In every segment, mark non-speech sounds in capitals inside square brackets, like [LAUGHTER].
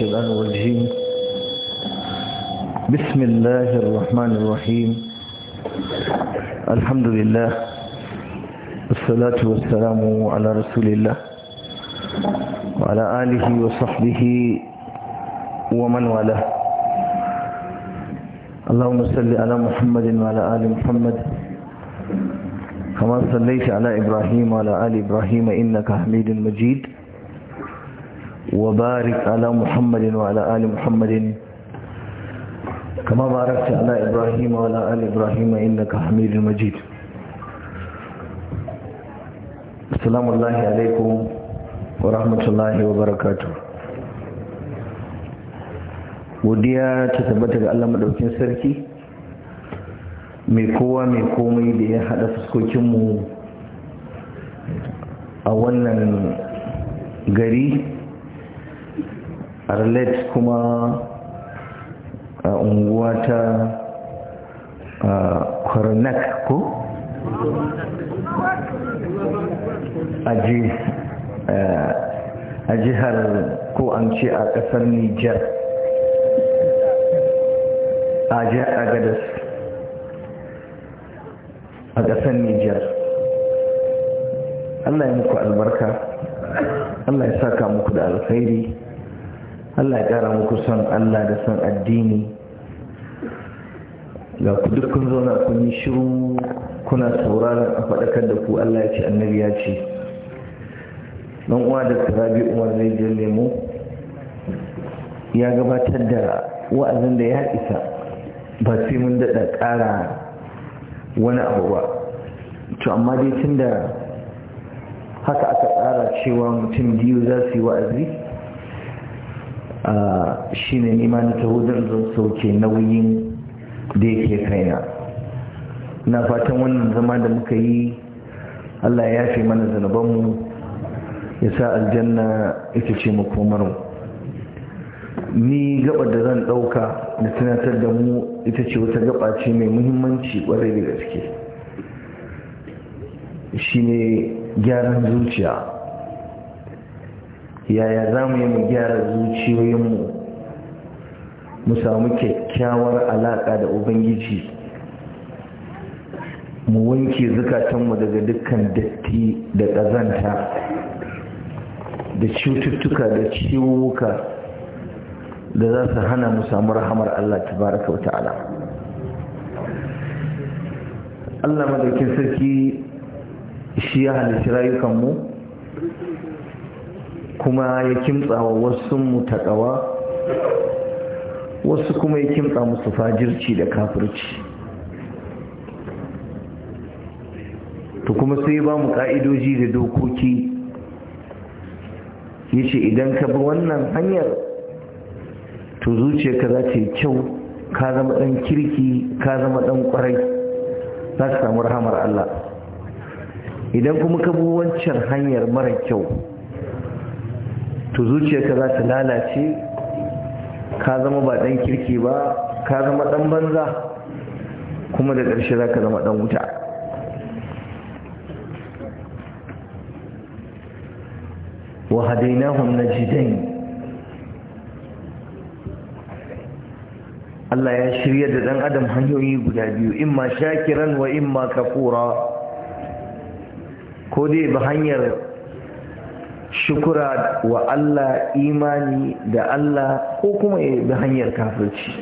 شبان والجيم بسم الله الرحمن الرحيم الحمد لله والصلاة والسلام على رسول الله وعلى آله وصحبه ومن والاه اللهم صل على محمد وعلى آل محمد كما صليت على إبراهيم وعلى آل إبراهيم إنك حميد مجيد وبارك على محمد وعلى آل محمد كما باركت على إبراهيم وعلى آل إبراهيم إنك حميد مجيد السلام الله عليكم ورحمة الله وبركاته godiya ta tabbata ga Allah madaukin sarki mai kowa mai komai da ya hada fuskokinmu a wannan gari arlet kuma a unguwa ta kornak ko a jihar ko an ce a kasar nijar a jihar agadas a kasar nijar allah ya muku albarka allah ya saka muku da alkhairi Allah ya ƙara muku son Allah da son addini ga ku zauna kun yi shiru kuna sauraron a faɗakar da ku Allah ya ce annabi ya ce ɗan uwa da sarabi umar zai je lemu ya gabatar da wa'azin da ya isa ba sai mun daɗa ƙara wani abu ba to amma dai tun da haka aka tsara cewa mutum biyu za su yi wa'azi shi ne nima na taho don zan sauke nauyin da yake kaina na fatan wannan zama da muka yi allah ya fi mana zanabanmu ya sa aljanna ita ce makomarmu ni gaba da zan ɗauka da tunatar da mu ita ce wata gaba ce mai muhimmanci kwarai da gaske shi ne gyaran zuciya yaya za mu yi mu gyara zuciyoyinmu mu samu kyakkyawar alaƙa da ubangiji mu wanke zukatanmu daga dukkan datti da ƙazanta da cututtuka da ciwuka da za su hana mu samu rahamar Allah Ta Baraka wa ta'ala Allah madaukin sarki shi ya halitta rayukanmu kuma ya kimtsa wa wasu mutakawa wasu kuma ya kimtsa musu fajirci da kafirci to kuma sai ba mu ka'idoji da dokoki ya ce idan ka bi wannan hanyar to zuciyarka za ta yi kyau ka zama ɗan kirki ka zama ɗan ƙwarai za ka samu rahamar Allah idan kuma ka bi wancan hanyar mara kyau to zuciyarka za ta lalace ka zama ba ɗan kirki ba ka zama ɗan banza kuma da ƙarshe za ka zama ɗan wuta wa na najidain Allah ya shirya da ɗan adam hanyoyi guda biyu imma shakiran wa imma kafura ko dai ba hanyar shukura wa Allah imani da Allah ko kuma da hanyar kafirci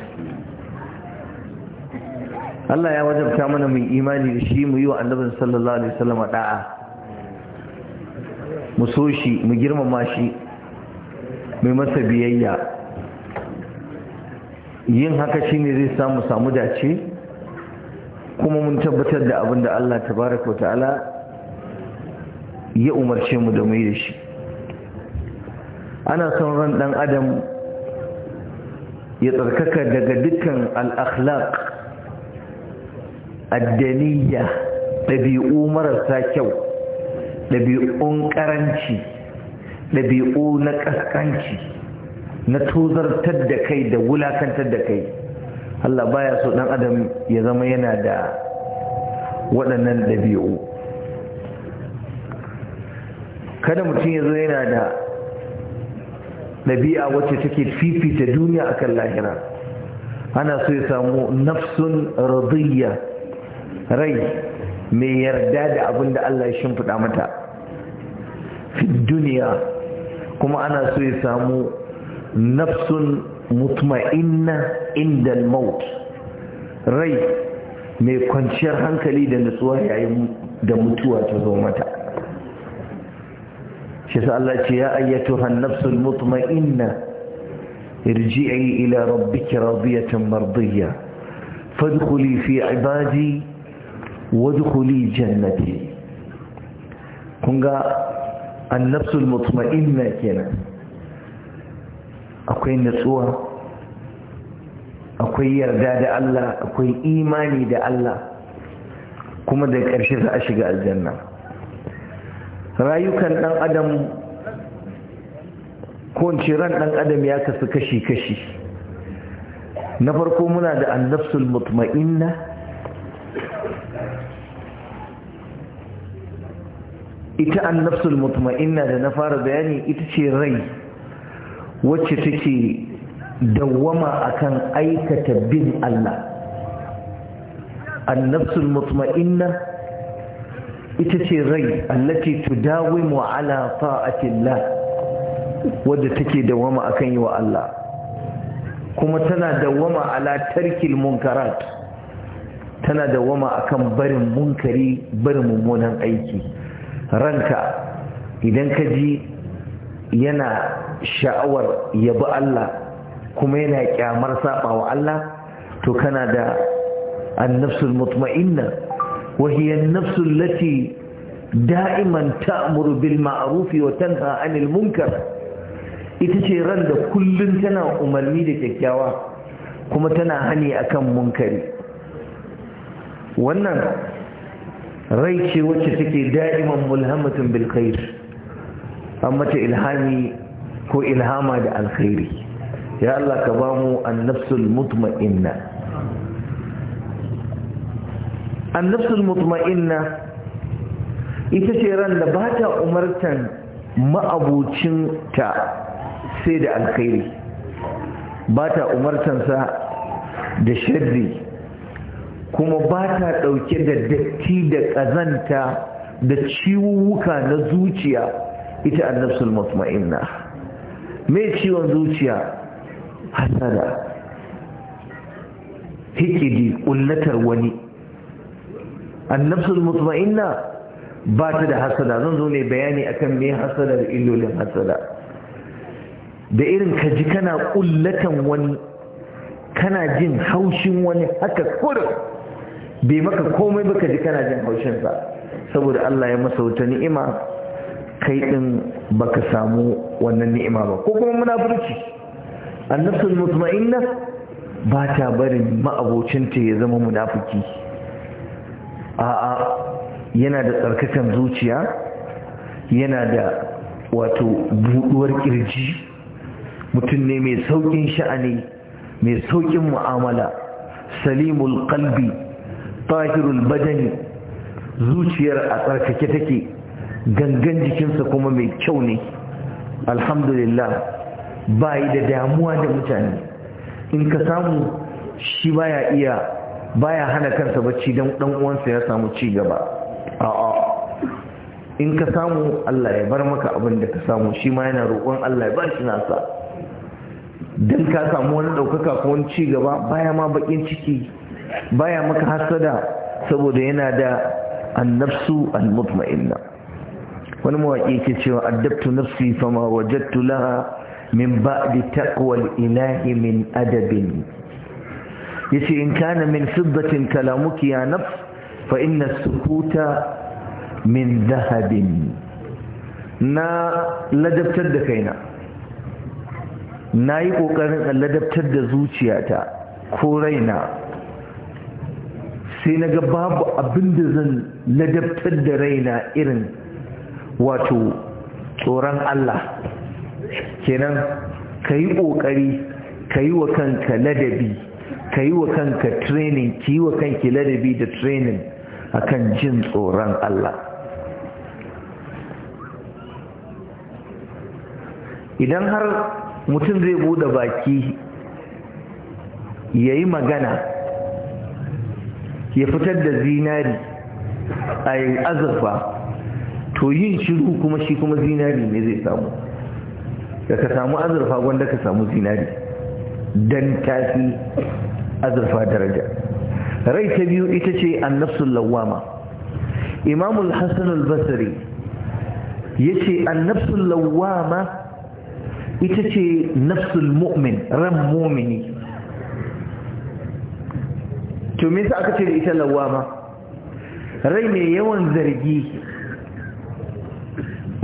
Allah ya wajabta mana mai imani da shi mu yi wa annabin sallallahu alaihi wasallam ɗa'a mu so shi mu girmama shi mai masa biyayya yin haka shi ne zai samu samu dace kuma mun tabbatar da abin da Allah baraka wa ta'ala ya umarce mu da mai da shi ana son ran ɗan adam ya tsarkaka daga dukkan al'akhlaq addaniya ɗabi'u marasa kyau ɗabi'un ƙaranci ɗabi'u na ƙasƙanci na tozartar da kai da wulakantar da kai Allah baya so ɗan adam ya zama yana da waɗannan ɗabi'u kada mutum ya zo yana da ɗabi'a wacce take fifita duniya a kan lahira ana so ya samu nafsun radiyya rai mai yarda da abin da Allah ya shimfiɗa mata fi duniya kuma ana so ya samu nafsun mutma'inna inda maut rai mai kwanciyar hankali da nutsuwa yayin da mutuwa ta zo mata shi sa Allah ce ya ayyatu an-nafsul mutma'inna irji'i ila rabbiki radiyatan mardiyya fadkhuli fi ibadi wadkhuli jannati kun ga an mutma'inna kenan akwai natsuwa akwai yarda da Allah akwai imani da Allah kuma da ƙarshe za a shiga aljanna rayukan ɗan adam ko ran ɗan adam ya kasu kashi-kashi na farko muna da annafsul mutma'inna ita annafsul mutma'inna da na fara bayani ita ce rai wacce take dawwama akan aikata bin Allah annafsul mutma'inna ita ce rai allati tudawimu ala ta'atillah wadda take dawama akan yi wa Allah kuma tana dawama ala tarkil munkarat tana dawama akan barin munkari barin mummunan aiki ranka idan ka ji yana sha'awar yabi Allah kuma yana kyamar saba wa Allah to kana da annafsul mutma'inna وهي النفس التي دائما تأمر بالمعروف وتنهى عن المنكر itace ran da kullun tana umarni da kyakkyawa kuma tana hani akan munkari wannan rai ce wacce take da'iman mulhamatun bil khair an mata ilhami ko ilhama da alkhairi ya Allah ka bamu an-nafsul mutma'inna annafsul mutma'inna ita ce ran da ba ta umartan ma'abucinta sai da alkhairi ba ta umartansa da sharri kuma ba ta ɗauke da datti da ƙazanta da ciwuwuka na zuciya ita annafsul mutma'inna mai ciwon zuciya hasada hikidi ƙullatar wani annafsul mutma'inna ba ta da hasada zan zo ne bayani akan me hasada da illolin hasada da irin ka ji kana kullatan wani kana jin haushin wani haka kurin bai maka komai ba ji kana jin haushinsa saboda Allah ya masa wata ni'ima kai din baka samu wannan ni'ima ba ko kuma munafurci annafsul mutma'inna ba ta barin ma'abocinta ya zama munafiki a'a yana da tsarkakan zuciya yana da wato buɗuwar kirji mutum ne mai saukin sha'ani mai saukin mu'amala salimul ƙalbi, tahirul badani zuciyar a tsarkake take gangan jikinsa kuma mai kyau ne alhamdulillah bayi da damuwa da mutane in ka samu shi baya iya baya hana kansa bacci don dan uwansa ya samu ci gaba a'a in ka samu Allah ya bar maka abin da ka samu shi ma yana roƙon Allah ya bar shi nasa dan ka samu wani ɗaukaka ko wani ci gaba baya ma bakin ciki baya maka hasada saboda yana da annafsu almutma'inna wani mawaƙi ke cewa addabtu nafsi fama wajadtu laha min ba'di taqwa ilahi min adabin yace in kana min fiddatin kalamuki ya nafs fa inna sukuta min dhahabin na ladabtar da kaina nayi yi ƙoƙarin ladabtar da zuciyata ko raina sai naga babu abin da zan ladabtar da raina irin wato tsoron Allah kenan kayi yi ƙoƙari ka wa kanka ladabi ka yi wa kanka training ki yi wa kanki ladabi da training akan jin tsoron Allah idan har mutum zai bude baki ya yi magana ya fitar da zinari a yi azurfa to yin shiru kuma shi kuma zinari ne zai samu da ka samu azurfa wanda ka samu zinari don tafi azurfa daraja rai ta biyu ita ce annafsul lawama imamul hassan al ya ce annafsul lawama ita ce nafsul mu'min ran mumini to me sa aka ce da ita lawama rai mai yawan zargi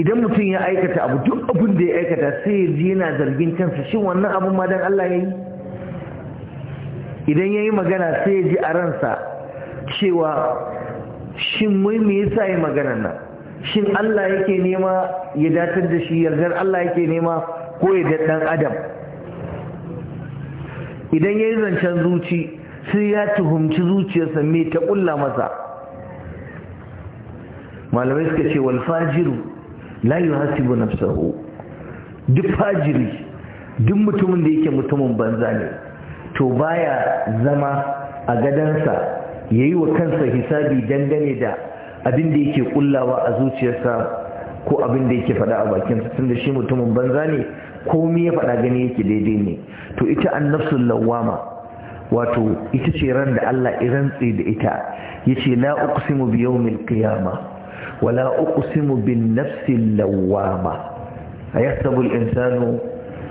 idan mutum ya aikata abu duk abin da ya aikata sai ya ji yana zargin kansa shin wannan abin ma don Allah ya yi idan ya yi magana sai ya ji a ransa cewa shin mai me yasa ya magana nan shin Allah yake nema ya datar da shi yardar Allah yake nema ko ya dan adam idan ya yi zancen zuci sai ya tuhumci zuciyarsa me ta kulla masa malamai suka ce wal fajiru la yuhasibu nafsahu duk fajiri duk mutumin da yake mutumin banza ne to baya zama a gadansa ya yi wa kansa hisabi dangane da abin da yake kullawa a zuciyarsa ko abin da yake faɗa a bakinsa tunda shi mutumin banza ne komai ya faɗa gani yake daidai ne to ita annafsul lawama wato ita ce ran da Allah irantse da ita yace la uqsimu bi yawmil qiyama wa la uqsimu bin nafsil lawama ayahsabu al insanu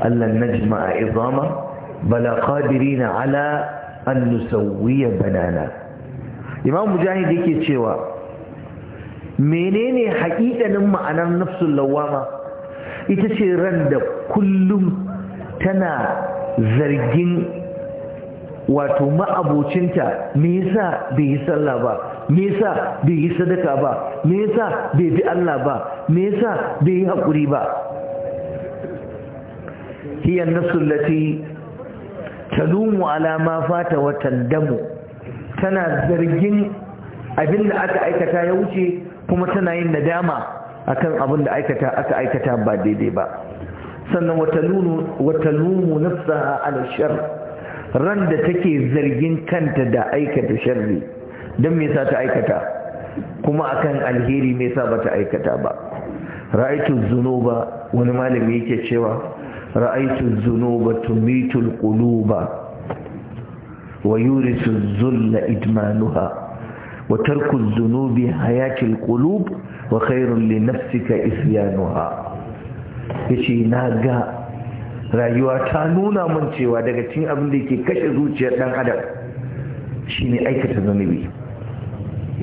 allan najma'a izama bala qadirina ala an nusawwiya banana imam mujahid yake cewa menene haƙiƙanin ma'anar nafsul ita ce ran da kullum tana zargin wato ma'abocinta me yasa bai yi sallah ba me yasa bai yi sadaka ba me yasa bai bi Allah ba me yasa bai yi haƙuri ba hiya nafsul talumu alama fata watan damu tana zargin abin da aka aikata ya wuce kuma tana yin nadama akan abin da aikata aka aikata ba daidai ba sannan wata lumu nafsaha ala shar ran da take zargin kanta da aikata sharri don me sa ta aikata kuma akan alheri me sa bata aikata ba ra'aitu zunuba wani malami yake cewa رأيت الذنوب تميت القلوب ويورث الذل إدمانها وترك الذنوب حياة القلوب وخير لنفسك إسيانها يشي ناقا rayuwa ta nuna mun cewa daga cikin abin da ke kashe zuciyar dan adam shine aikata zanubi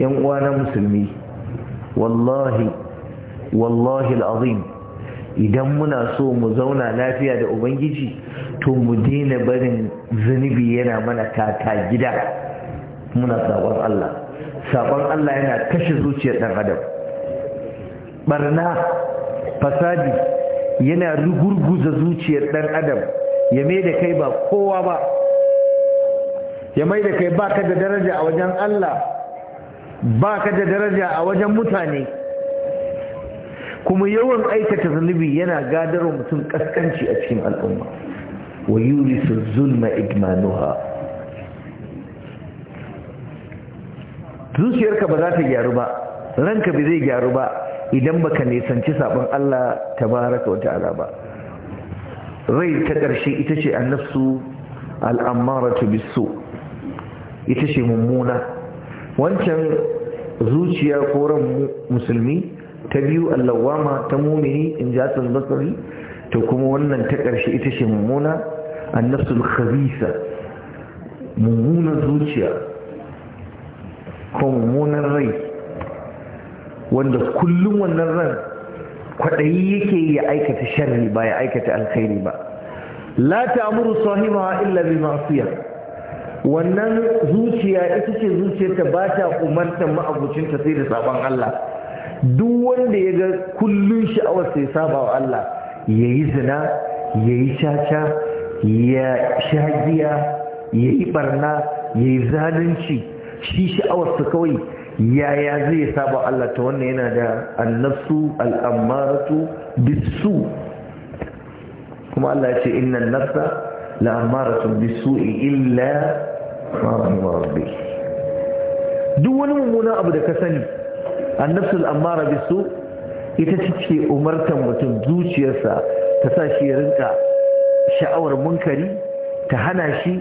yan uwana na musulmi wallahi wallahi idan muna so mu zauna lafiya da ubangiji to mu daina barin zunubi yana mana kata gida muna sabon Allah sabon Allah yana kashe zuciyar ɗan adam barna fasadi yana rugurguza zuciyar ɗan adam ya mai da kai ba kowa ba ya mai da kai baka da daraja a wajen Allah baka da daraja a wajen mutane kuma yawan aikata zunubi yana gadar mutum kaskanci a cikin al'umma wa sun zulma idmanuha zuciyarka ba za ta gyaru ba ranka bi zai gyaru ba idan baka nisanci sabon Allah tabaraka wa ta'ala ba rai ta ƙarshe ita ce annafsu al'ammaratu bisu ita ce mummuna wancan zuciya koran musulmi ta biyu allawama ta mumini in ji hasan basari ta kuma wannan ta ƙarshe ita ce mummuna annafsul khabisa mummunan zuciya ko mummunan rai wanda kullum wannan ran kwaɗayi yake ya aikata sharri ba ya aikata alkhairi ba la ta'muru sahibaha illa bi ma'siyah wannan zuciya ita ce zuciyarta ba ta umarta ma'abucinta sai da sabon Allah duk wanda ya ga kullun sha'awar sai saba wa Allah ya yi zina ya yi caca ya shagiya ya yi barna ya yi zalunci shi sha'awarsa kawai yaya zai ya saba wa Allah ta wannan yana da annasu al'ammaratu bisu kuma Allah ya ce innan nafsa la'ammaratu bisu illa ma rahimar rabbi duk wani mummunan abu da ka sani annafsul ammara bisu ita ce umartan mutum zuciyarsa ta sa shi rinka sha'awar munkari ta hana shi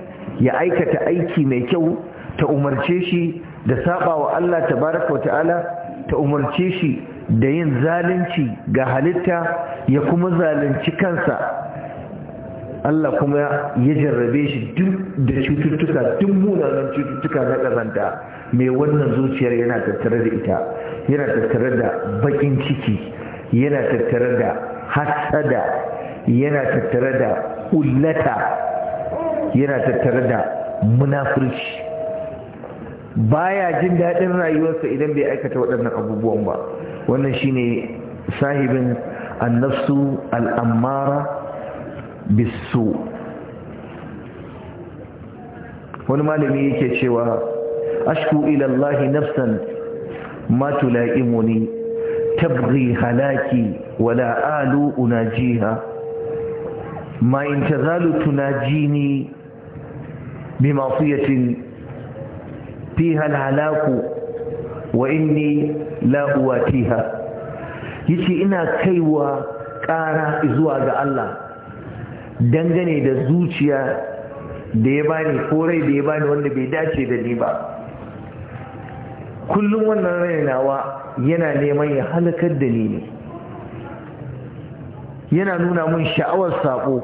ya aikata aiki mai kyau ta umarce shi da saba wa Allah tabaraka ta'ala ta umarce shi da yin zalunci ga halitta ya kuma zalunci kansa Allah kuma ya jarrabe shi duk da cututtuka duk munanan cututtuka na ƙazanta mai wannan zuciyar yana tattare da ita yana tattare da bakin ciki yana tattare da hasada yana tattare da ullata yana tattare da munafurci baya jin daɗin rayuwarsa idan bai aikata waɗannan abubuwan ba wannan shine sahibin annasu al'amara bisu wani malami yake cewa ashku ila Allah nafsan ma tulaimuni tabghi halaki wala alu unajiha ma in tazalu tunajini بمعصية فيها الهلاك وإني لا أواتيها yace ina kaiwa ƙara zuwa ga Allah dangane da zuciya da ya bani ko rai da ya bani wanda bai dace da ni ba kullum wannan rainawa yana neman ya halakar da ni ne yana nuna mun sha'awar saƙo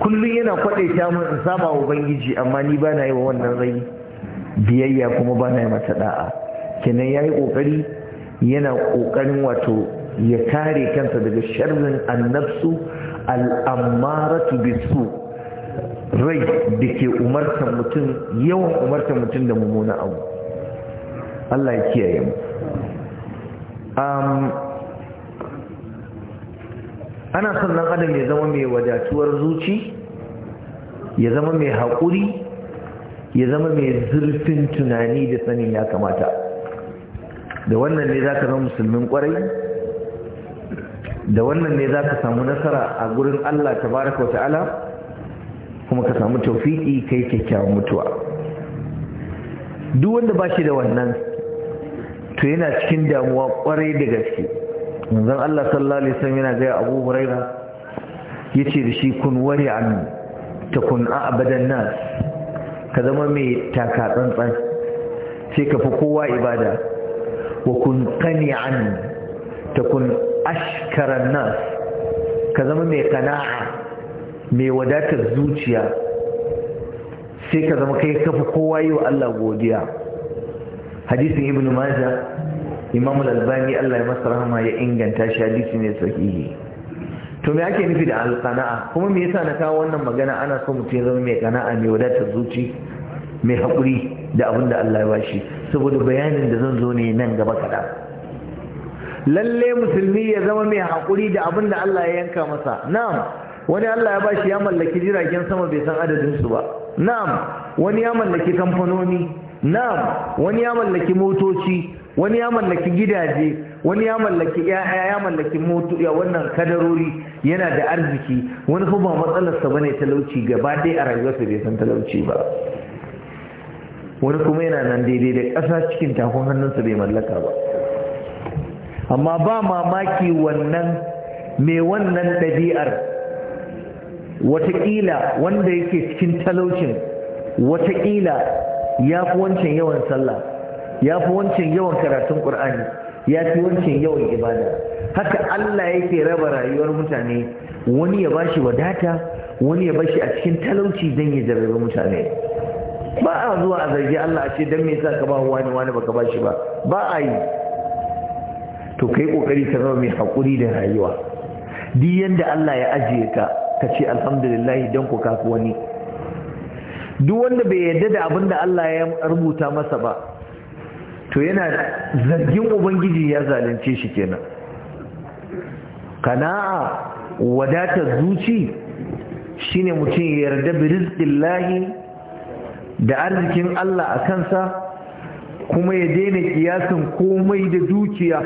kullum yana ta mun in saba wa ubangiji amma ni ba na yi wa wannan rai biyayya kuma ba na yi mata da'a kenan ya yi ƙoƙari yana ƙoƙarin wato ya kare kansa daga sharrin annabsu al'ammaratu bisu rai da ke umartar mutum yawan umartar mutum da mummuna abu Allah ya kiyaye mu ana son nan adam ya zama mai wadatuwar zuci ya zama mai haƙuri ya zama mai zurfin tunani da sanin ya kamata da wannan ne za ka zama musulmin kwarai, da wannan ne za ka samu nasara a gurin Allah ta baraka ta'ala kuma ka samu taufiki kai kyakkyawan mutuwa duk wanda ba shi da wannan to yana cikin damuwa kwarai da gaske yanzu Allah sallallahu alaihi wasallam yana ga Abu Huraira yace da shi kun wari an a a'badan nas ka zama mai taka tsantsan sai ka fi kowa ibada wa kun ta kun ashkaran nas ka zama mai kana'a mai wadatar zuciya sai ka zama kai kafi kowa yi wa Allah godiya hadisin ibn maja imam al-albani Allah ya masa rahama ya inganta shi hadisi ne sahihi to me ake nufi da alqana'a kuma me yasa na kawo wannan magana ana so mutum ya zama mai qana'a mai wadatar zuci mai haƙuri da abin da Allah ya bashi saboda bayanin da zan zo ne nan gaba kaɗan lalle musulmi ya zama mai haƙuri da abin da Allah ya yanka masa na'am wani Allah ya bashi ya mallaki jiragen sama bai san adadin su ba na'am wani ya mallaki kamfanoni na'am wani ya mallaki motoci wani ya mallaki gidaje wani ya mallaki ya'ya ya mallaki moto ya wannan kadarori yana da arziki wani kuma ba matsalarsa bane talauci gaba dai a rayuwarsa bai san talauci ba wani kuma yana nan daidai da ƙasa cikin takon hannunsa bai mallaka ba amma ba mamaki wannan mai wannan ɗabi'ar watakila wanda yake cikin talaucin watakila ya fi wancan yawan sallah ya fi wancan yawan karatun ƙur'ani ya fi wancan yawan ibada haka Allah yake raba rayuwar mutane wani ya bashi wadata wani ya bashi a cikin talauci don ya jarrabe mutane ba a zuwa a zargi Allah a ce don me yasa ka ba wani wani baka bashi ba ba a yi to kai kokari ka zama mai hakuri da rayuwa duk yadda Allah ya ajiye ka ka ce alhamdulillah don ku kafi wani duk wanda bai yarda da abin da Allah ya rubuta masa ba to yana zargin ubangiji ya zalunce shi kenan kana'a wadatar zuci shine mutum ya yarda bi rizqillahi da arzikin Allah a kansa kuma ya daina kiyasin komai da dukiya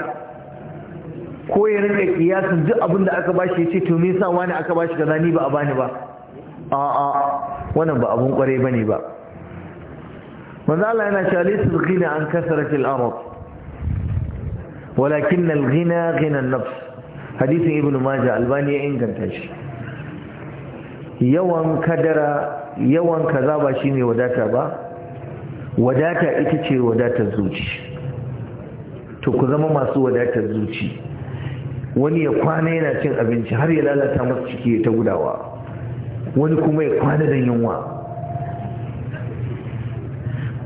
ko ya rinka kiyasin duk abin da aka bashi ya ce to me yasa wani aka bashi kaza ni ba a bani ba a'a wannan ba abun kwarai bane ba manzo Allah yana cewa lisul ghina an kasratil arad walakin al ghina an nafs hadisin ibnu majah albani ya inganta shi yawan kadara yawan kaza ba shine wadata ba wadata ita ce wadata zuci to ku zama masu wadatar zuci wani ya kwana yana cin abinci har ya lalata masu ciki ta gudawa wani kuma ya kwana da yunwa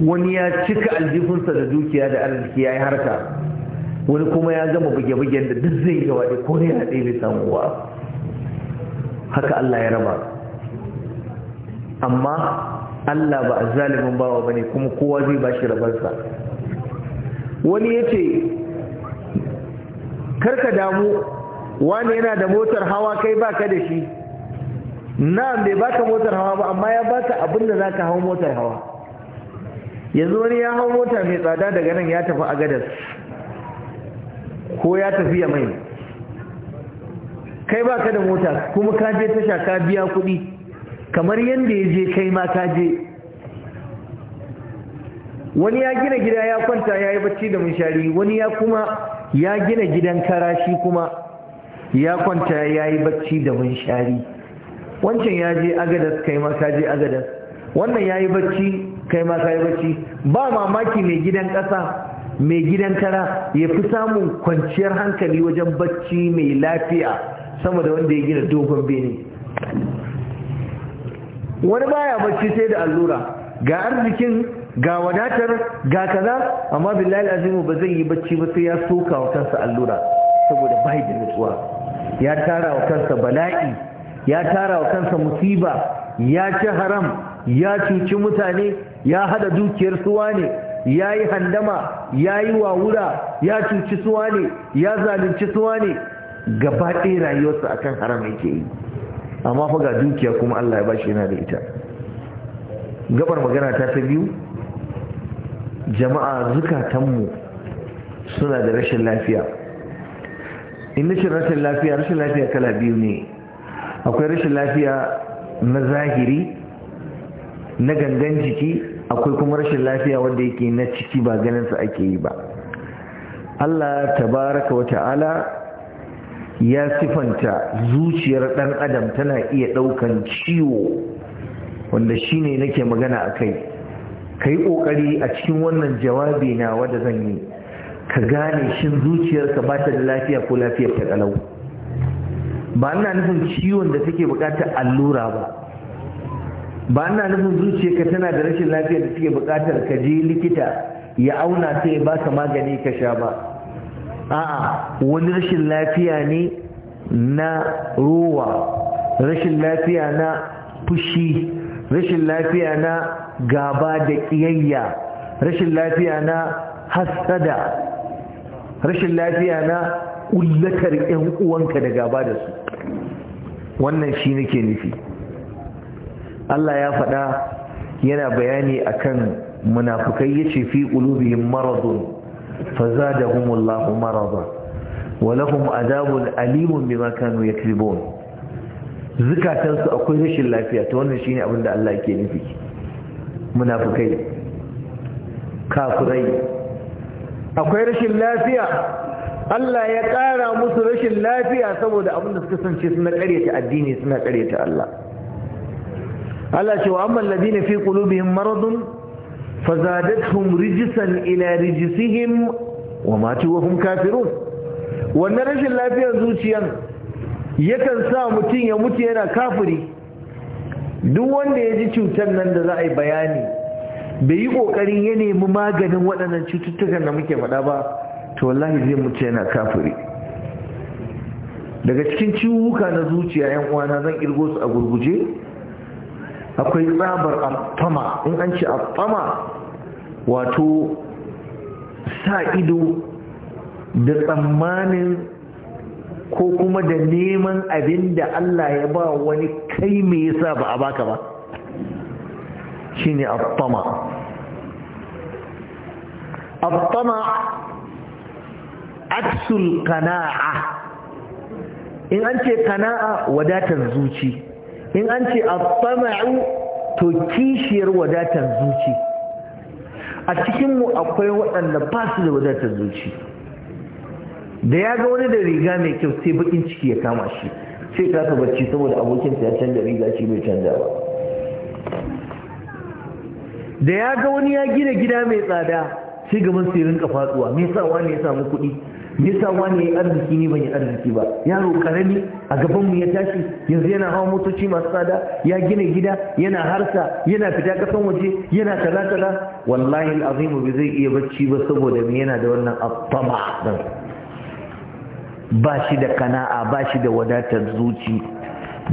wani ya cika aljihunsa da dukiya da arziki ya yi harka wani kuma ya zama buge-bugen da duk zai gaba da ko ya haɗe mai samu haka Allah ya raba amma Allah ba a zalimin bawa bane kuma kowa zai ba shi rabarsa wani ya ce karka damu wani yana da motar hawa kai baka da shi na'am bai baka motar hawa ba amma ya baka abin da zaka hau motar hawa yanzu wani ya hau mota mai tsada daga nan ya tafi gadas ko ya tafi ya mai kai baka da mota kuma ka je tasha ka biya kuɗi kamar yadda ya je kai ma ka je wani ya gina gida ya kwanta ya yi bacci da munshari wani ya kuma ya gina gidan karashi kuma ya kwanta ya yi bacci da munshari wancan ya je agadas kai ma ka je agadas wannan ya yi bacci kai ma ka yi bacci ba mamaki mai gidan ƙasa mai gidan kara ya fi samun kwanciyar hankali wajen bacci mai lafiya sama da wanda ya gina dogon bene wani baya bacci sai da allura ga arzikin ga wadatar ga kaza amma billahi azimu ba zai yi bacci ba sai ya soka wa kansa allura saboda bai da nutsuwa ya tara wa kansa bala'i ya tara wa kansa musiba ya ci haram ya cuci mutane ya hada dukiyar suwa ne ya yi handama ya yi wawura ya cuci suwa ne ya zalunci suwa ne gaba ɗaya rayuwarsa kan haram yake yi amma fa ga dukiya kuma Allah ya bashi yana da ita gabar magana ta ta biyu jama'a zukatanmu suna da rashin lafiya in rashin rashin lafiya rashin lafiya kala biyu ne akwai rashin lafiya na zahiri na gangan jiki akwai kuma rashin lafiya wanda yake na ciki ba ganinsa ake yi ba Allah tabaraka wa ta'ala ya sifanta zuciyar ɗan adam tana iya ɗaukan ciwo wanda shine nake magana a kai ka yi ƙoƙari a cikin wannan jawabi na wadda zan yi ka gane shin zuciyarka ba ta da lafiya ko lafiyar ta ƙalau ba ina nufin ciwon da take buƙatar allura ba ba ina nufin zuciya ka tana da rashin lafiya da take buƙatar ka je likita ya auna sai ya ka magani ka sha ba a'a wani rashin lafiya ne na ruwa, rashin lafiya na fushi rashin lafiya na gaba da ƙiyayya rashin lafiya na hasada rashin lafiya na kullatar yan uwanka da gaba da su wannan shi nake nufi Allah ya faɗa yana bayani akan munafukai ce fi ƙulubihin maradun da marada wa lahum adabun alimun bima ya yakribun zukatansu akwai rashin lafiya ta wannan shi abin da Allah ke nufi munafukai kafirai akwai rashin lafiya Allah ya ƙara musu rashin lafiya saboda abin da suka sance suna ƙaryata addini suna ƙaryata Allah Allah ce wa amma alladhina fi qulubihim maradun fazadatuhum rijsan ila rijsihim wa matu wa hum kafirun wannan rashin lafiyar zuciyan yakan sa mutum ya mutu yana kafiri duk wanda ya ji cutar nan da za a yi bayani bai yi ƙoƙarin ya nemi maganin waɗannan cututtukan da muke faɗa ba to wallahi zai mutu yana kafiri daga cikin ciwuka na zuciya yan uwana zan kirgo su a gurguje akwai tsabar attama in an ce attama wato sa ido da tsammanin ko kuma da neman abin da Allah ya ba wani kai me yasa ba a baka ba shine attama attama aksul kana'a in an ce kana'a wadatar zuci in an ce attama'u to kishiyar wadatar zuci a cikinmu akwai waɗanda ba su da wadatar zuci da ya ga wani da riga mai kyau sai bakin ciki ya kama shi sai kasa bacci saboda abokinsa ya canza riga shi bai canza ba da ya ga wani ya gina gida mai tsada sai gaban sai rinka faduwa me yasa wani ya samu kuɗi yasa wani ya arziki ne bai arziki ba yaro karami a gaban mu ya tashi yanzu yana hawa motoci masu tsada ya gina gida yana harsa yana fita kasan waje yana talatala wallahi al'azimu bai zai iya bacci ba saboda me yana da wannan afama ba shi da kana'a ba shi da wadatar zuci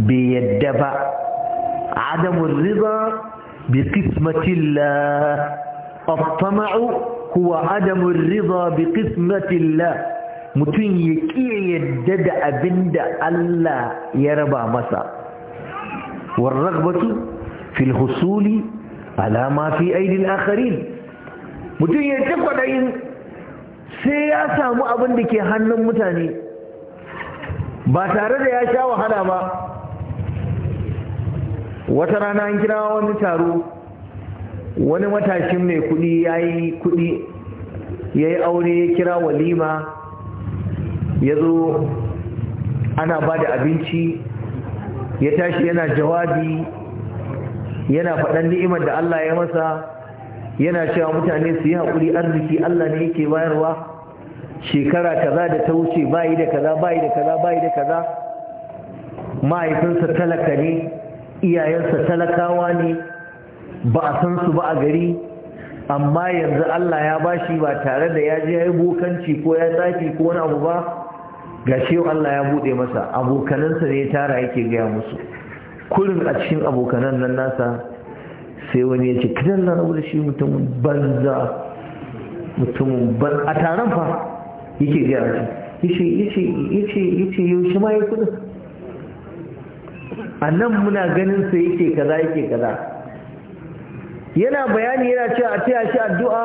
bai yadda ba adamu riba bi qismatillah الطمع هو عدم الرضا بقسمة الله mutum ya ƙiya yadda da abin da Allah ya raba masa warrak fil husuli alama fi aidil akharin mutum ya ci kwaɗayin sai ya samu abin da ke hannun mutane ba tare da ya sha wahala ba wata rana an kira wani taro wani matashin mai kuɗi ya yi kuɗi ya yi aure ya kira walima ya zo ana ba da abinci ya tashi yana jawabi yana faɗan ni'imar da Allah ya masa yana cewa mutane su yi haƙuri arziki Allah ne yake bayarwa shekara kaza da ta wuce bayi da kaza bayi da kaza bayi da kaza mahaifinsa talaka ne iyayensa talakawa ne ba a san su ba a gari amma yanzu Allah ya bashi ba tare da ya ji ya yi bokanci ko ya tsafi ko wani abu ba ga shi Allah ya buɗe masa abokanansa ne tara yake gaya musu kurin a cikin abokanan nan nasa sai wani ya ce kidan na rabu da shi mutumin banza mutumin ban a taron fa yake gaya musu yace yace yace yace yaushe ma ya kudu a nan muna ganin sa yake kaza yake kaza yana bayani yana cewa a taya shi addu'a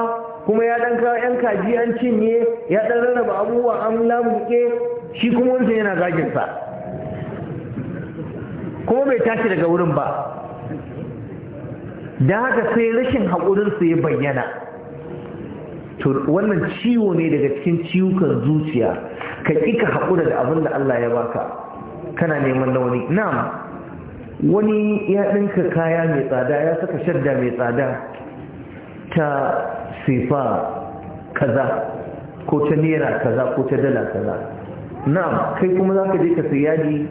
kuma ya dan kawo 'yan kaji an cinye ya ɗan rarraba abubuwa an lamuke shi kuma wancan yana zagin sa kuma bai tashi daga wurin ba da haka sai rashin haƙurinsa ya bayyana to wannan ciwo ne daga cikin ciwukan zuciya ka ƙika haƙura da abin da Allah ya baka kana neman na wani na'am wani ya ɗinka kaya mai tsada ya saka shadda mai tsada ta sifa kaza ko ta naira kaza ko ta dala kaza na'am kai kuma za ka je ka sayi yaji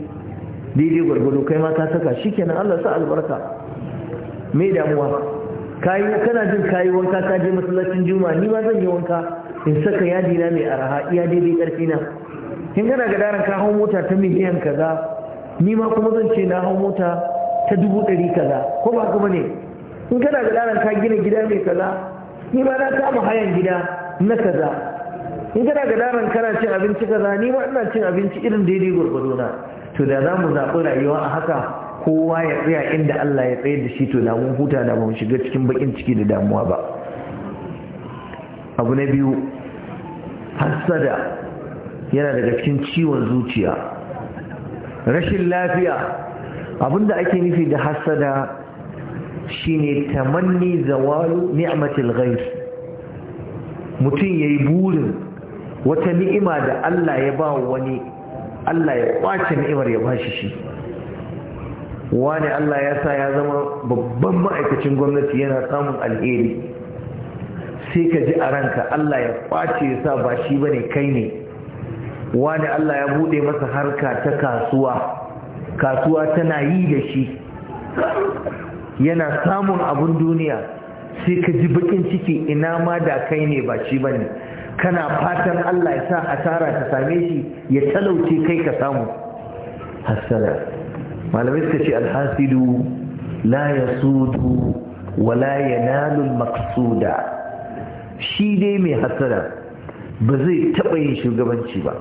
daidai gwargwado kai ma saka shi kenan Allah sa albarka me damuwa kayi kana jin kayi wanka ka je masallacin juma'a ni ma zan yi wanka in saka yadi na mai araha iya daidai karfi na kin kana ga daren ka hau mota ta miliyan kaza ni ma kuma zan ce na hau mota ta dubu ɗari kaza ko ba kuma ne in kana ga daren ka gina gida mai kaza ni ma na kama hayan gida na kaza in kana ga daren kana cin abinci kaza ni ma ina cin abinci irin daidai gurgudu na to da za mu zaɓi rayuwa a haka kowa ya tsaya inda Allah ya tsayar da shi to da mun huta da mun shiga cikin bakin ciki da damuwa ba abu na biyu hassada yana daga cikin ciwon zuciya rashin lafiya abinda ake nufi da hassada shine tamanni zawalu ni'matil ghair mutum yayi burin wata ni'ima da Allah ya ba wani Allah ya kwace ni'imar ya bashi shi wani Allah ya sa ya zama babban ma'aikacin gwamnati yana samun alheri sai ka ji a ranka Allah ya kwace ya sa ba shi bane kai ne wani Allah ya bude masa harka ta kasuwa kasuwa tana yi da shi yana samun abun duniya sai ka ji bakin ciki ina ma da kai ne ba shi bane kana fatan Allah ya sa asara ka same shi ya talauce kai ka samu hasada malamai suka ce alhasidu la la ya nalu maksuda shi dai mai hasada ba zai taɓa yin shugabanci ba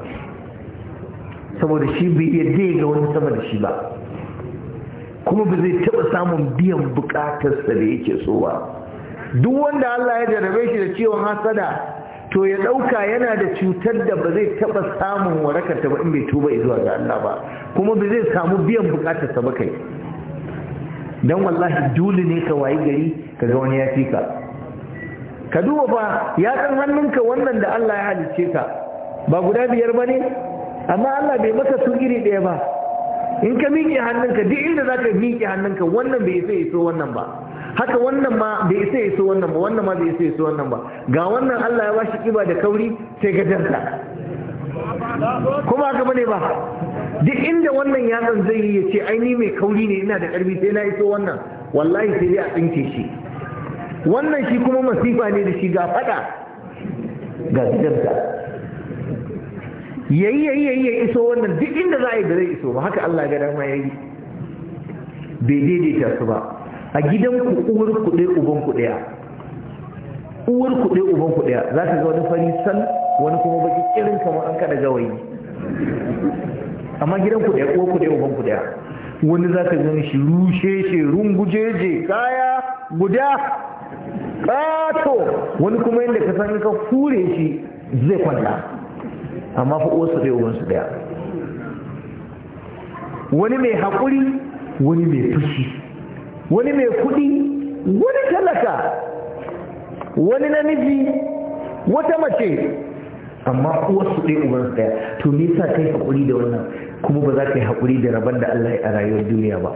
saboda shi bai iya ga wani sama da shi ba kuma ba zai taɓa samun biyan buƙatarsa da yake so ba duk wanda Allah ya jarabe shi da ciwon hasada to ya ɗauka yana da cutar da ba zai taɓa samun warakarta ba in bai tuba zuwa ga Allah ba kuma ba zai samu biyan bukatarsa ba kai don wallahi dole ne ka wayi gari ka ga wani ya fi ka ka duba fa ya san hannunka wannan da Allah ya halicce ka ba guda biyar ba ne amma Allah bai maka su iri ɗaya ba in ka miƙe hannunka duk inda za ka miƙe hannunka wannan bai isa iso wannan ba haka wannan ma bai isa iso wannan ba wannan ma bai isa iso wannan ba ga wannan Allah ya bashi kiba da kauri sai ga danta kuma haka bane ba duk inda wannan yatsan zai yi ya ce ai ni mai kauri ne ina da karfi sai na iso wannan wallahi sai dai a tsinke shi wannan shi kuma masifa ne da shi ga fada ga danta yayi yayi yayi ya iso wannan duk inda za a yi da zai iso ba haka Allah ma ya yayi bai daidaita su ba a gidan ku uwar ku ɗaya uban ku ɗaya uwar ku ɗaya uban ku ɗaya za ka ga wani fari sal wani kuma baki irin kamar an kada gawayi amma gidan ku ɗaya uwar ku ɗaya uban ku ɗaya wani za ka gani shi rushe shi rungujeje kaya guda kato wani kuma yadda ka san ka fure shi zai kwanta amma fa uwarsu ɗaya ubansu daya wani mai haƙuri wani mai fushi wani mai kudi wani talaka wani namiji wata mace amma uwarsu ɗaya ubansu ɗaya to me sa kai haƙuri da wannan kuma ba za ka yi haƙuri da rabon da Allah a rayuwar duniya ba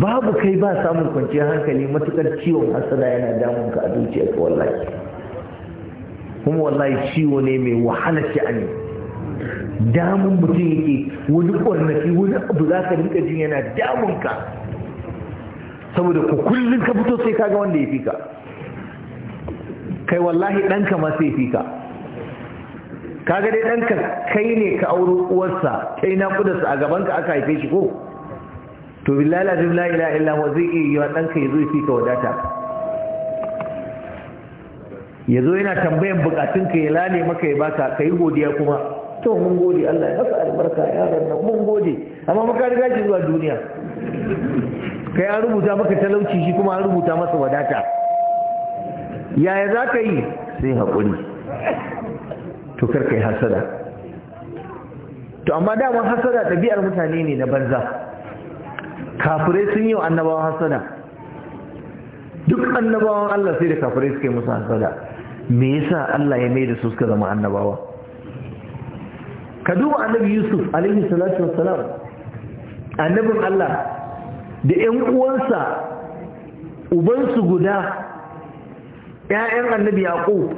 babu kai ba samun kwanciyar hankali matuƙar ciwon hasada yana damunka a zuciyarka wallahi kuma wallahi ciwo ne mai wahala a sha'ani damun mutum yake wani ƙwarnafi wani abu za ka rika jin yana ka saboda ku kullum ka fito sai kaga wanda ya fi ka kai wallahi ɗanka ma sai fi ka kaga dai ɗanka kai ne ka auro uwarsa kai na kudarsa a gaban ka aka haife shi ko to billahi la ilaha illa wa zai iya yi wa ɗanka ya zo ya fi ka wadata ya zo yana tambayan bukatun ka ya lale maka ya baka ka yi godiya kuma to mun gode Allah ya maka albarka ya ranna mun gode amma maka riga shi zuwa duniya kai an rubuta maka talauci shi kuma an rubuta masa wadata yaya za ka yi sai haƙuri to kar kai hasada to amma daman hasada ɗabi'ar mutane ne na banza kafirai sun yi wa annabawan hasada duk annabawan Allah sai da kafirai suka yi musu hasada me yasa Allah ya maida su suka zama annabawa ka duba annabi Yusuf alaihi salatu wassalam annabin Allah da ƴan uwansa ubansu guda ƴaƴan annabi Yaqub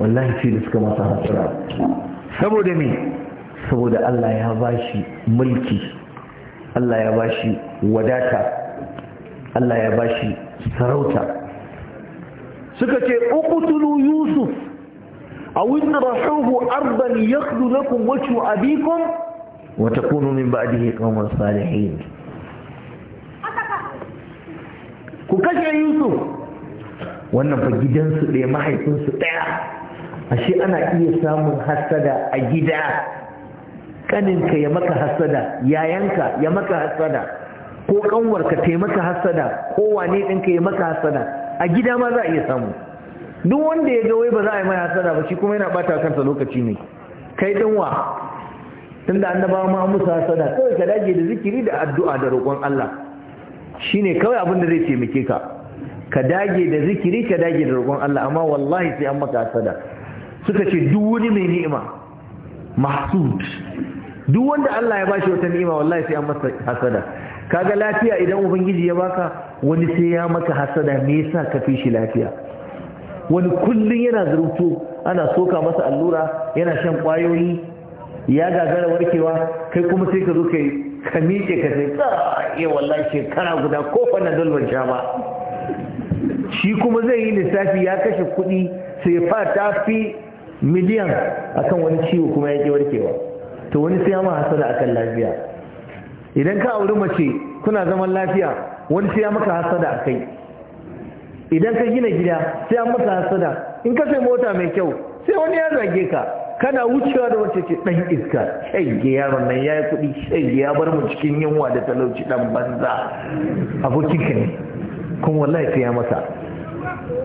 wallahi ce da suka masa hasara saboda me saboda Allah ya bashi mulki Allah ya bashi wadata Allah ya bashi sarauta suka ce ukutulu yusuf aw inrahuhu ardan yakhlu lakum wajhu abikum wa takunu min ba'dihi qauman salihin ku kashe yusuf wannan fa gidansu ɗaya mahaifinsu ɗaya ashe ana iya samun hasada a gida kaninka ya maka hasada yayanka ya maka hasada ko kanwarka ta maka hasada ko wane ɗinka ya maka hasada a gida ma za a iya samu duk wanda ya ga wai ba za a yi mai hasada ba shi kuma yana bata kansa lokaci ne kai dinwa tunda annabawa ma musu hasada kawai ka dage da zikiri da addu'a da roƙon Allah shine kawai abin da zai taimake ka ka dage da zikiri ka dage da roƙon Allah amma wallahi sai an maka hasada suka ce duk wani mai ni'ima mahsud duk wanda Allah ya bashi wata ni'ima wallahi sai an masa hasada kaga lafiya idan ubangiji ya baka wani sai ya maka hasada me yasa ka fi shi lafiya wani kullun yana zurutu ana soka masa allura yana shan kwayoyi ya gagara warkewa kai kuma sai ka zo kai ka miƙe ka sai ka yi wallahi shekara guda ko fanna dalban sha ba shi kuma zai yi lissafi ya kashe kuɗi sai fa ta fi miliyan akan wani ciwo kuma ya ke warkewa to wani sai ya ma hasada akan lafiya idan ka auri mace kuna zaman lafiya wani sai ya maka hasada akai idan ka gina gida sai an masa hasada in ka sai mota mai kyau sai wani ya zage ka kana wucewa da wacce ce dan iska ga yaron nan yayi kudi shai ya bar mu cikin yunwa da talauci dan banza abokin ka ne kuma wallahi sai ya masa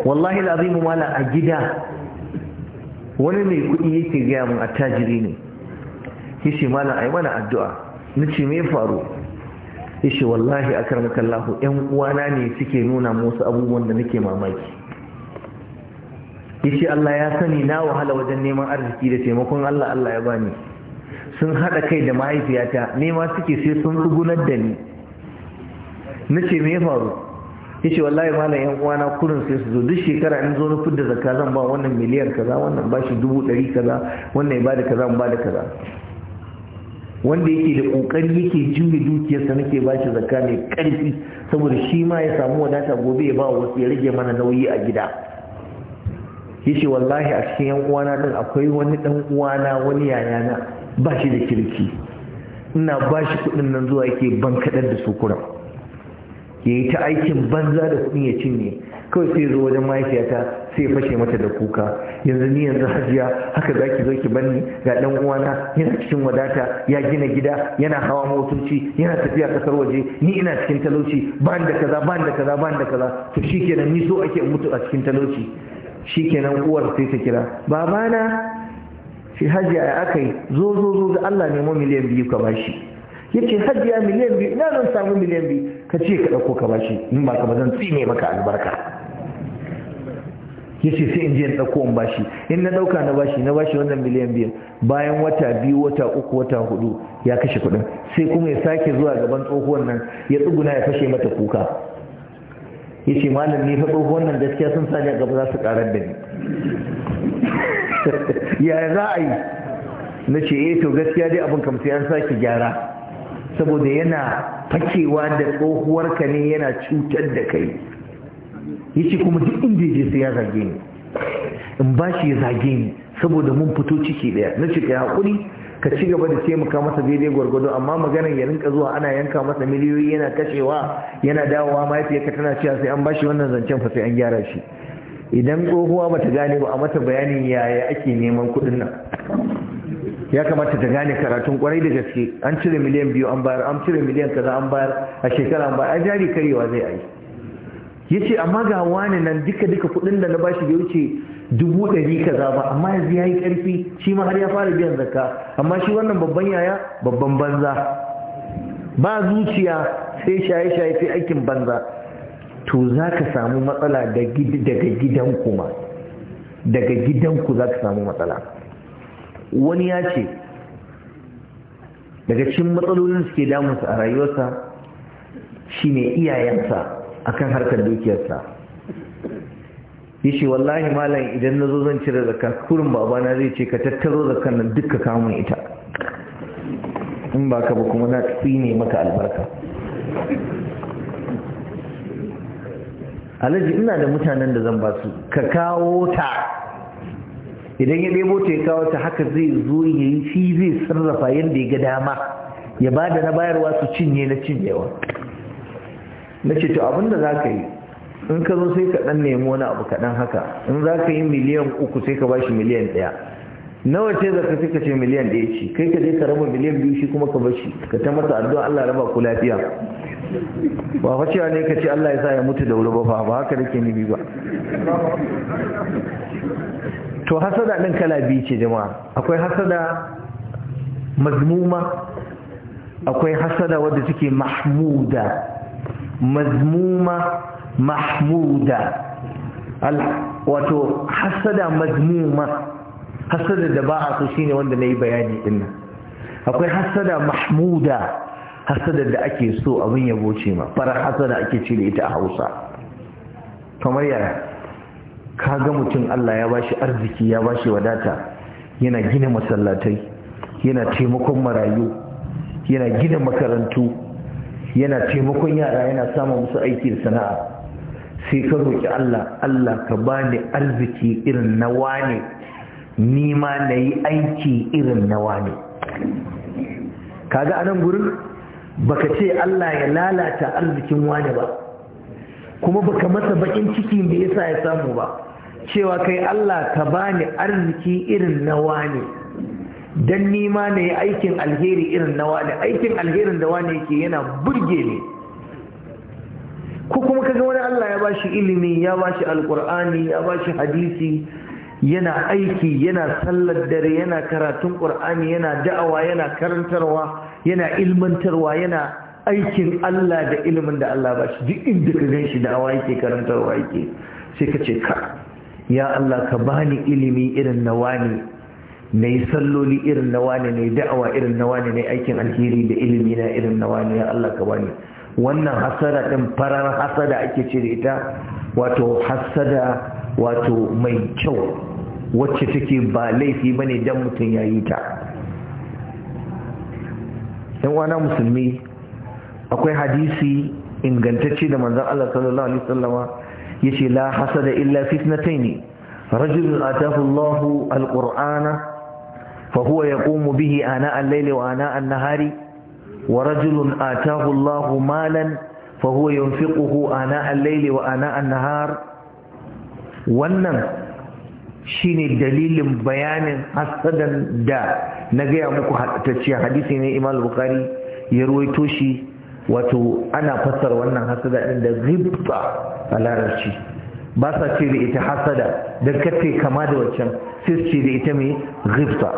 wallahi alazim mala a gida wani mai kudi yake gaya mun attajiri ne ya mana malam ai mana addu'a nace ce me faru ya wallahi a karmakallahu yan uwana ne suke nuna musu abubuwan da nake mamaki ya Allah ya sani na wahala wajen neman arziki da taimakon Allah Allah ya bani sun haɗa kai da mahaifiyata nema suke sai sun rugunar da ni na ce me faru ya wallahi malam ƴan uwana kurin sai su zo duk shekara in zo na fidda zakka zan ba wannan miliyan kaza wannan bashi dubu ɗari kaza wannan ya bada kaza in bada kaza wanda yake da kokari yake juya dukiyarsa nake ba shi zakka mai karfi saboda shi ma ya samu wadata gobe ya ba wasu ya rage mana nauyi a gida Ya ce, wallahi a cikin yan uwana din akwai wani dan uwana wani yaya na, ba shi da kirki ina ba shi kuɗin nan zuwa yake ban kaɗar da su kuran ya yi ta aikin banza da kuɗin ya cinye kawai sai zo wajen mahaifiyata sai ya fashe mata da kuka yanzu ni yanzu hajiya haka zaki zo ki banni ga dan uwana yana cikin wadata ya gina gida yana hawa motoci yana tafiya kasar waje ni ina cikin talauci ba da kaza ba da kaza ba da kaza to shikenan ni so ake mutu a cikin talauci shikenan uwar sai ta kira babana shi hajiya ya aka zo zo zo ga Allah nemo miliyan biyu ka bashi ya ce hajiya miliyan biyu na zan samu miliyan biyu ka ce ka ɗauko ka bashi in ba ka ba zan tsine maka albarka ya ce sai in in ɗauko in bashi in na ɗauka na bashi na bashi wannan miliyan biyar bayan wata biyu wata uku wata hudu ya kashe kuɗin sai kuma ya sake zuwa gaban tsohuwan nan ya tsuguna ya fashe mata kuka ya ce malam ni fa tsohuwan nan gaskiya sun sa ni a gaba za su karar da ni yaya [LAUGHS] za a yi na ce eh to gaskiya dai abin kam sai an sake gyara saboda yana fakewa da tsohuwarka ne yana cutar da kai ce kuma duk inda je sai ya zage ni in ba shi ya zage ni saboda mun fito ciki daya na cika ka haƙuri ka ci gaba da taimaka masa daidai gwargwado amma maganar ya rinka zuwa ana yanka masa miliyoyi yana kashewa yana dawowa mahaifiyarka tana cewa sai an bashi wannan zancen fa sai an gyara shi idan tsohuwa ba ta gane ba a mata bayanin yaya ake neman kuɗin nan ya kamata ta gane karatun kwarai da gaske an cire miliyan biyu an bayar an cire miliyan kaza an bayar a shekara an bayar a jari karewa zai a ya ce amma ga wani nan duka duka kudin da na bashi ya wuce dubu ɗari kaza ba amma yanzu ya yi ƙarfi shi ma har ya fara biyan zakka amma shi wannan babban yaya babban banza ba zuciya sai shaye shaye sai aikin banza to za ka samu matsala daga gidan kuma daga gidanku za ka samu matsala wani ya ce daga cikin matsalolin suke damunsa a rayuwarsa shine iyayensa akan harkar dukiyarsa yace wallahi malam idan nazo zan cire zakka kurin babana zai ce ka tattaro zakkan nan duka kamun ita in ba ka ba kuma na ne maka albarka alhaji ina da mutanen da zan ba su ka kawo ta idan ya ɗebo ta ya kawo ta haka zai zo ya yi shi zai sarrafa yadda ya ga dama ya ba da na bayarwa su cinye na cinyewa na ce to abinda za ka yi in ka zo sai ka dan nemi wani abu kaɗan haka in za ka yi miliyan uku sai ka ba shi miliyan ɗaya nawa ce ka sai ka ce miliyan ɗaya ce kai ka je ka raba miliyan biyu shi kuma ka bashi ka ta masa addu'a Allah raba ku lafiya ba fa cewa ne ka ce Allah ya sa ya mutu da wuri ba fa ba haka nake nufi ba to hasada din kala biyu ce jama'a akwai hasada mazmuma akwai hasada wadda take mahmuda mazmuma mahmuda wato hasada mazmuma hasada da ba a so shine wanda na yi bayani dinnan akwai hasada mahmuda hasada da ake so abin yabo ce ma farar hasada ake ce da ita a hausa kamar yara ka ga mutum allah ya bashi arziki ya bashi wadata yana gina masallatai yana taimakon marayu yana gina makarantu yana taimakon yara yana samun musu aiki da sana'a sai ka roƙi Allah Allah ka bani arziki irin na wane ni ma na yi aiki irin na wane kaga anan gurin baka ce Allah ya lalata arzikin wane ba kuma baka masa bakin ciki da yasa ya samu ba cewa kai Allah ka bani arziki irin na wane dan nima ne aikin alheri irin na wani aikin alherin da wani yake yana burge ne ko kuma kaga wani Allah ya bashi ilimi ya bashi alkur'ani ya bashi hadisi yana aiki yana sallar dare yana karatun qur'ani yana da'awa yana karantarwa yana ilmantarwa yana aikin Allah da ilimin da Allah bashi duk inda ka ganshi da'awa yake karantarwa yake sai ka ce ka ya Allah ka bani ilimi irin na wani na yi salloli irin na wane ne da'awa irin na wane ne aikin alheri da ilimi na irin na wane ya Allah ka bani wannan hasada din farar hasada ake ce da ita wato hasada wato mai kyau wacce take ba laifi ba ne dan mutum ya yi ta yan wana musulmi akwai hadisi ingantacce da manzan Allah sallallahu alaihi ya yace la hasada illa fitnatayn rajulun atahu Allahu alqur'ana فهو يقوم به آناء الليل وآناء النهار ورجل آتاه الله مالا فهو ينفقه آناء الليل وآناء النهار wannan shine dalilin bayanin hasadan da na gaya muku haɗatacce hadisi ne imam bukari ya ruwaito shi wato ana fassara wannan hasada ɗin da ghibba a larabci ba sa ce da ita hasada don kace kama da waccan sai ce da ita mai ghibba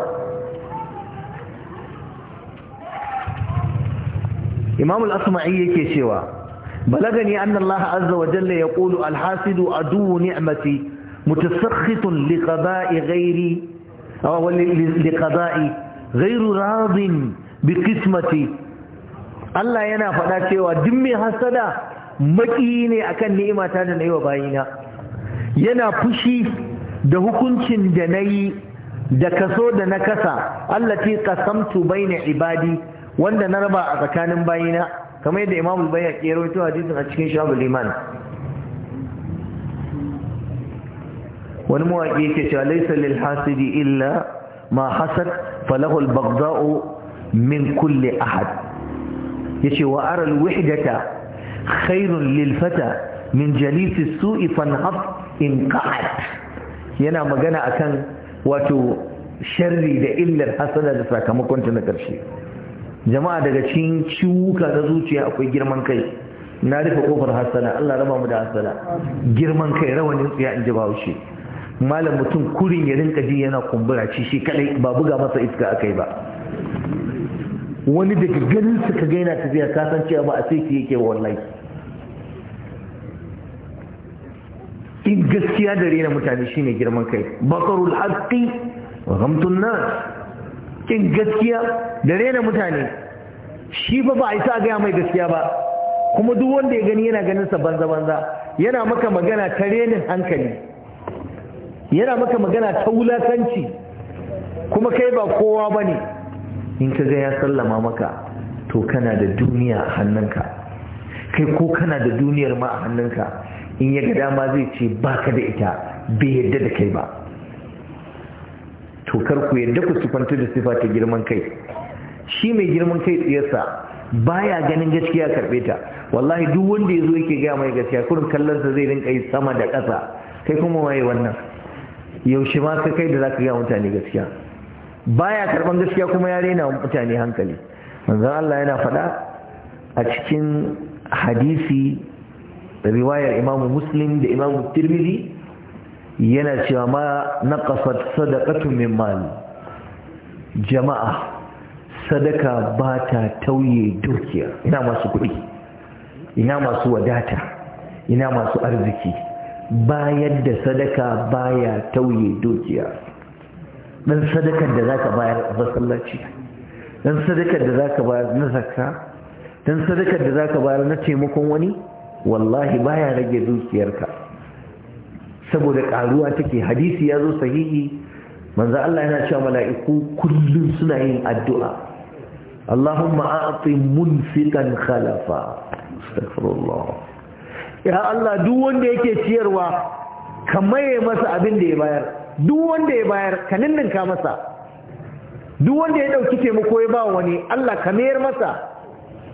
Imamul al-asma'i yake cewa balagani anna Allah azza wa jalla yaqulu al-hasidu adu ni'mati mutasakhitun liqada'i ghairi aw liqada'i ghairu radin biqismati Allah yana faɗa cewa duk mai hasada maki ne akan ni'imata da nayi wa bayina yana fushi da hukuncin da nayi da kaso da na kasa allati qasamtu baina ibadi wanda na raba a tsakanin bayina kamar yadda imamul bayan ya rawaito hadisin a cikin shabul iman wani mawaƙi yake cewa laisa lil hasidi illa ma hasad falahu al min kulli ahad yace wa ara wihdata khairun lil fata min jalisi su'i fanhaf in qa'ad yana magana akan wato sharri da illar hasada da sakamakon ta na ƙarshe jama'a daga cikin ciwuka na zuciya akwai girman kai na rufe kofar hasala Allah raba mu da hasala girman kai rawanin tsaya in ji bahaushe malam mutum kurin ya rinka ji yana kumbura ci shi kadai ba buga masa iska akai ba wani daga ganin su ka gaina tafiya ka san cewa ba a sai yake wallahi in gaskiya da rena mutane shine girman kai basarul haqqi wa ghamtun nas cikin gaskiya da rena mutane shi fa ba a isa gaya mai gaskiya ba kuma duk wanda ya gani yana ganin sa banza banza yana maka magana ta renin hankali yana maka magana ta wulakanci kuma kai ba kowa ba ne in ka ga ya sallama maka to kana da duniya a hannunka kai ko kana da duniyar ma a hannunka in ya ga dama zai ce baka da ita bai yadda da kai ba to karku ku yadda ku sifanta da sifa ta girman kai shi mai girman kai tsiyarsa baya ganin gaskiya karbe ta wallahi duk wanda ya zo yake gaya mai gaskiya kurin kallon sa zai rinka yi sama da ƙasa kai kuma waye wannan yaushe ma ka kai da za ka gaya mutane gaskiya baya karban gaskiya kuma ya rena mutane hankali manzon Allah yana faɗa a cikin hadisi riwayar imamu Muslim da imamu Tirmidhi yana cewa ma naqasat sadaqatu min mali jama'a sadaka ba ta tauye dukiya ina masu kuɗi ina masu wadata ina masu arziki bayar da sadaka baya tauye dukiya ɗan sadakar da za ka bayar a masallaci ɗan sadakar da za ka bayar na zakka ɗan sadakar da za ka bayar na taimakon wani wallahi baya rage dukiyarka saboda karuwa take hadisi ya zo sahihi manzo Allah yana cewa mala'iku kullum suna yin addu'a Allahumma a'ti munfiqan khalafa astaghfirullah ya Allah duk wanda yake ciyarwa ka maye masa abin da ya bayar duk wanda ya bayar ka ninninka masa duk wanda ya dauki taimako ya ba wani Allah ka mayar masa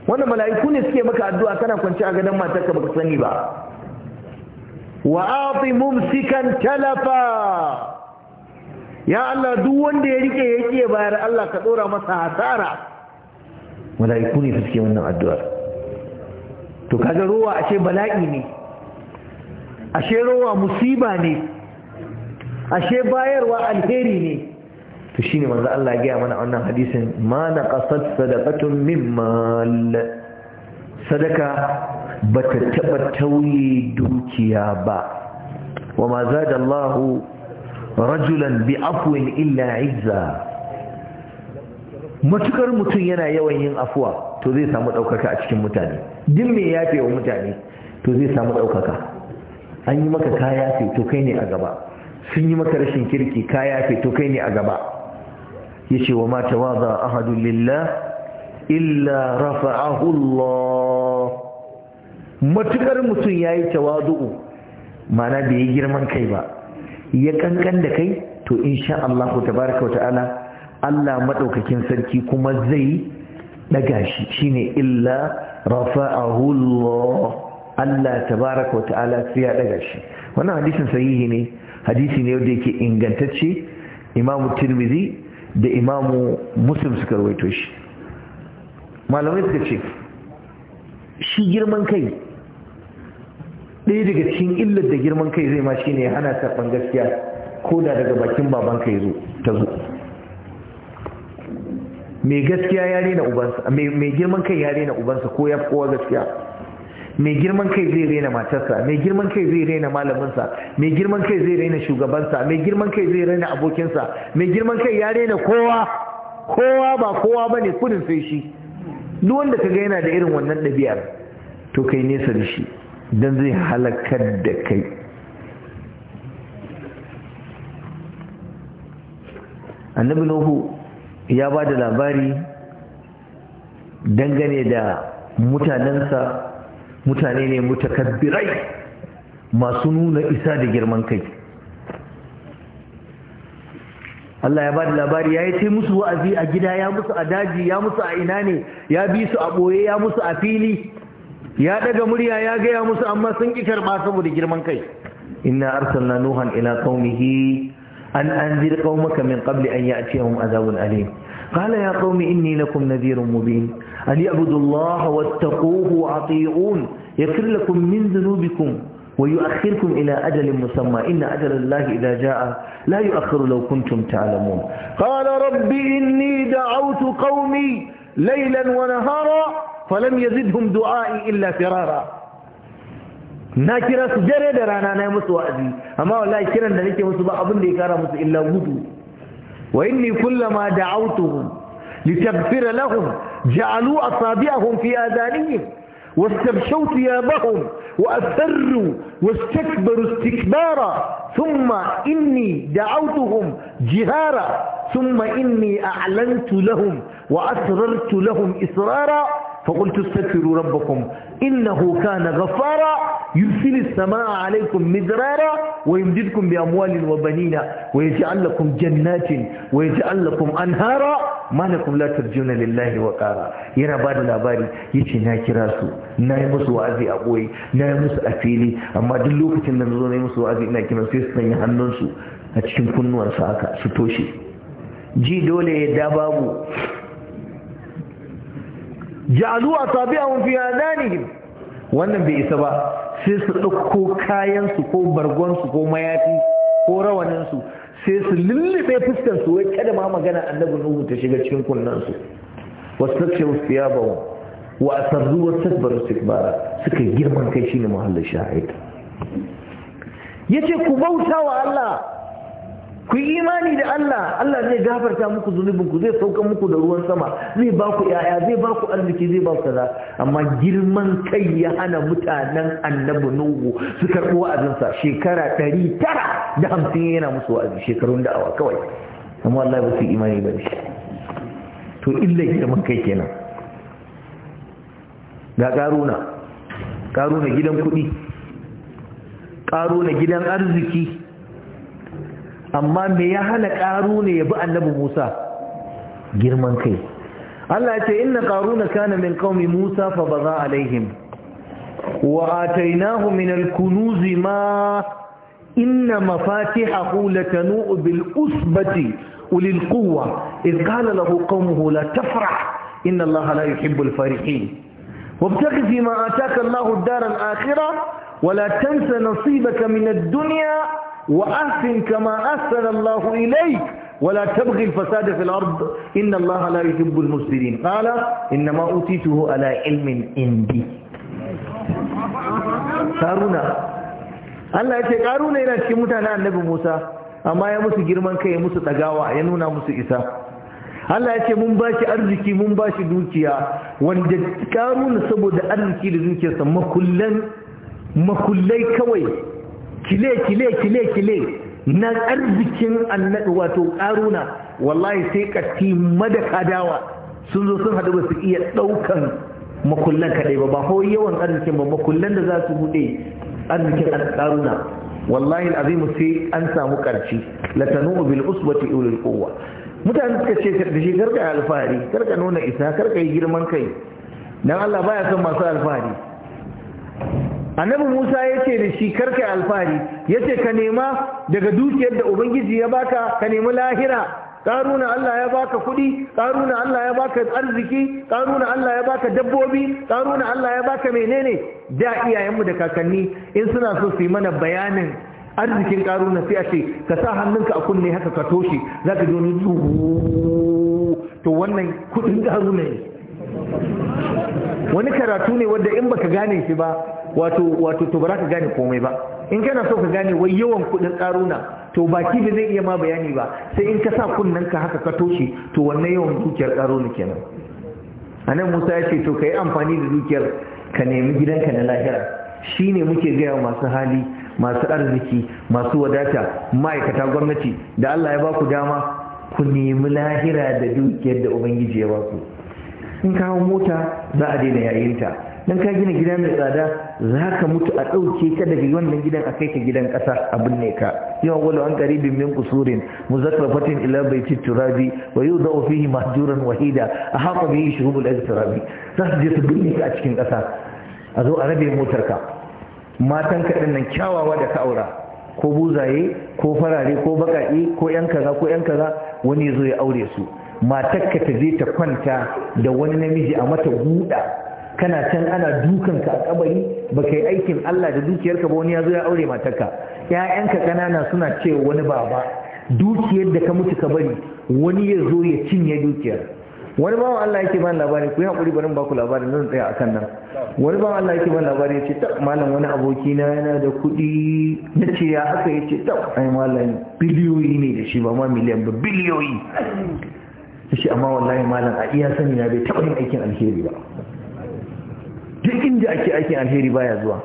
wanda mala'iku ne suke maka addu'a kana kwance a gadon matarka baka sani ba wa ati mumsikan talafa ya Allah duk wanda ya rike yake bayar Allah ka dora masa hasara mala'iku ne suke wannan addu'ar to kaga ruwa ashe bala'i ne ashe ruwa musiba ne ashe bayarwa alheri ne to shine manzo Allah ya gaya mana wannan hadisin ma naqasat sadaqatun min sadaka ba ta taɓa tauye dukiya ba wa ma za da allahu rajulan bi afuwin illa izza matukar mutum yana yawan yin afuwa to zai samu ɗaukaka a cikin mutane din mai yafe wa mutane to zai samu ɗaukaka an yi maka kaya yafe to kai ne a gaba sun yi maka rashin kirki kaya yafe to kai ne a gaba ya ce wa ma a hadu lillah illa rafa'ahu matukar mutum ya yi tawadu'u mana bai yi girman kai ba ya kankan da kai to insha Allah ta tabaraka wa ta'ala Allah maɗaukakin sarki kuma zai ɗaga shi shine illa rafa'ahu Allah Allah tabaraka wa ta'ala sai ya ɗaga shi wannan hadisin sahihi ne hadisi ne wanda yake ingantacce imamu tirmidhi da imamu muslim suka rawaito shi malamai suka ce shi girman kai ɗaya daga cikin illar da girman kai zai ma shi ya hana safan gaskiya ko da daga bakin baban kai zo ta zo mai gaskiya ya rena ubansa mai girman kai ya rena ubansa ko ya fi kowa gaskiya mai girman kai zai rena matarsa mai girman kai zai rena malaminsa mai girman kai zai rena shugabansa mai girman kai zai rena abokinsa mai girman kai ya rena kowa kowa ba kowa ba ne kudin sai shi duk wanda ka ga yana da irin wannan ɗabi'ar to kai nesa da shi don zai halakar da kai annabi nuhu ya ba da labari dangane da mutanensa mutane ne mutakabbirai masu nuna isa da girman kai Allah ya ba da labari ya yi ce musu wa'azi a gida ya musu a daji ya musu a ina ne ya bi su a ɓoye ya musu a fili ya daga murya ya gaya musu amma sun ki karɓa saboda girman kai Ina arsana nuhan ila qaumihi an anzir qaumaka min qabli an ya'tiyahum azabun Ali, kala ya qaumi inni lakum nadhirun mubin an ya'budullaha wattaquhu ya yaghfir lakum min dhunubikum wa yu'akhirukum ila ajalin musamma inna ajalallahi idha ja'a la yu'akhkharu law kuntum ta'lamun qala rabbi inni da'awtu qaumi laylan wa nahara فلم يزدهم دعائي إلا فرارا ناكرا سجرة درانا نامس وعزي أما والله كنا نليك مصبع أظن لي كارمس إلا وضو وإني كلما دعوتهم لتغفر لهم جعلوا أصابعهم في آذانهم واستبشوا ثيابهم وأثروا واستكبروا استكبارا ثم إني دعوتهم جهارا ثم إني أعلنت لهم وأسررت لهم اسرارا فقلت استغفروا ربكم إنه كان غفارا يرسل السماء عليكم مدرارا ويمددكم بأموال وبنين ويجعل لكم جنات ويجعل لكم أنهارا ما لكم لا ترجون لله وقارا يرى بعد الأباري يتي ناكي راسو نايمس وعزي أبوي نايمس أفيلي أما دلوك تنزو نايمس وعزي ناكي نسيس نيهننسو أتشكم كنوا ساكا ستوشي ji dole ya da babu ja'alu asabi'ahum fi adanihim wannan bai isa ba sai su ɗauko kayansu ko bargonsu ko mayafi ko rawaninsu sai su lullube su wai kada ma magana annabi nuhu ta shiga cikin su wastashiru thiyabahu wa asarru wastakbaru sikbara suka girman kai shine muhallin shahid yace ku bauta wa Allah ku yi imani da Allah Allah zai gafarta muku zunubin ku zai sauka muku da ruwan sama zai ba ku yaya zai ba ku arziki zai ba ku kaza amma girman kai ya hana mutanen annabi nuhu su karɓi wa'azinsa shekara ɗari tara da hamsin yana musu wa'azi shekarun da'awa kawai amma Allah ba su imani ba shi to illa girman kai kenan ga karuna karuna gidan kuɗi karuna gidan arziki amma me ya hana ƙaru ne ya bi annabi musa girman kai Allah ya ce inna qaruna kana min qaumi Musa fa baza alaihim wa atainahu min al-kunuz ma inna mafatihahu latanu bil usbati ulil quwwa id qala lahu qaumuhu la tafrah inna Allah la yuhibbu al-farihin wabtaghi fima ataka Allah ad-dar al-akhirah wa la tansa nasibaka min ad-dunya وأحسن كما أحسن الله إليك ولا تبغي الفساد في الأرض إن الله لا يحب المفسدين قال إنما أوتيته على علم عندي قارون Allah ya ce ƙaruna yana cikin mutanen annabi Musa amma ya musu girman kai ya musu ɗagawa ya nuna musu isa Allah ya ce mun ba shi arziki mun ba shi dukiya wanda ƙaruna saboda arziki da dukiyarsa makullai kawai kile-kile-kile-kile na arzikin annabi wato karuna wallahi sai ƙarfi madaka dawa sun zo sun haɗu ba su iya ɗaukan makullan kaɗai ba ba kawai yawan arzikin ba makullan da za su buɗe arzikin karuna wallahi al'azimu sai an samu ƙarci latanu bil usbati ulul quwwa mutane suka ce da shi karka alfahari karka nuna isa karka yi girman kai dan Allah baya son masu alfahari annabi musa ya ce da shi karka alfahari ya ce ka nema daga dukiyar da ubangiji ya baka ka nemi lahira karuna Allah ya baka kuɗi karuna Allah ya baka arziki karuna Allah ya baka dabbobi karuna Allah ya baka menene da iyayenmu da kakanni in suna so su yi mana bayanin arzikin karuna sai a ce ka sa hannunka a kunne haka ka toshe za ka ji wani to wannan kuɗin karuna ne wani karatu ne wadda in baka gane shi ba wato to ba za ka gane komai ba in kana so ka gane wai yawan kudin karuna to baki ba zai iya ma bayani ba sai in ka sa kunnen ka haka ka toshe to wannan yawan dukiyar karuna kenan anan Musa ya ce to ka yi amfani da dukiyar ka nemi gidanka na lahira Shi ne muke gaya masu hali masu arziki masu wadata ma'aikata gwamnati da Allah ya ba ku dama ku nemi lahira da dukiyar da Ubangiji ya ba ku in ka hau mota za a daina yayin ta dan ka gina gida mai tsada za ka mutu a ɗauke ka daga wannan gidan a kai ka gidan ƙasa a ne ka yawan wala an ƙaribin min kusurin muzakkafatin ila ci turabi wa yau da ofihi mahjuran wahida a haka bihi shuhubul turabi za su je su binne ka a cikin ƙasa a zo a rabe motar ka matan ka nan kyawawa da ka aura ko buzaye ko farare ko baƙaƙe ko yan kaza ko yan kaza wani zo ya aure su matakka ta je ta kwanta da wani namiji a mata guda kana can ana dukanka a kabari ba kai aikin Allah da dukiyarka ba wani ya zo ya aure matakka ya'yanka ƙanana suna ce wani baba dukiyar da ka mutu ka bari wani ya zo ya cinye dukiyar wani bawa Allah yake ban labari ku yi hakuri bari ba ku labarin zan tsaya akan nan wani bawa Allah yake ban labari ya ce ta malam wani aboki na yana da kuɗi na ce ya aka ta ai malam biliyoyi ne da shi ba ma miliyan ba biliyoyi shi amma wallahi malam a iya sani na bai taɓa yin aikin alheri ba duk inda ake aikin alheri baya zuwa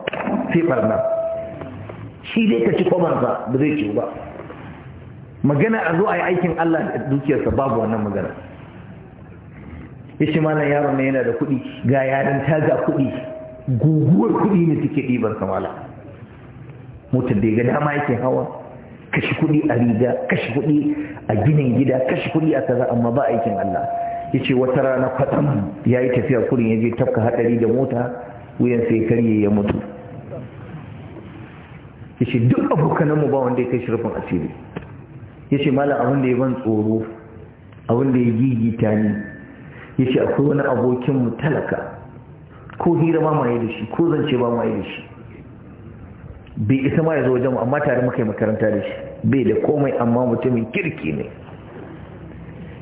sai barna shi dai ka ci kwamansa ba zai ciwu ba magana a zo a yi aikin Allah da dukiyarsa babu wannan magana ya malam yaron na yana da kuɗi ga yaran ta ga kuɗi guguwar kuɗi ne suke ɗibar kamala motar da ya ga dama yake hawa Kashi kuɗi a riga kashi kuɗi a ginin gida kashi kuɗi a kaza amma ba aikin Allah Ya ce wata rana kwatsam yi tafiya kurin je tafka hadari da mota wuyan sai karye ya mutu Ya ce duk abokananmu ba wanda ya kai shirfin asiri Ya ce malam abin da ya ban tsoro abin da ya gigita ni ce akwai wani abokinmu talaka ko hira ba ma yi da shi ko zance ba ma yi da shi bai isa ma ya zo wajen amma tare muka yi makaranta da shi bai da komai amma mutumin kirki ne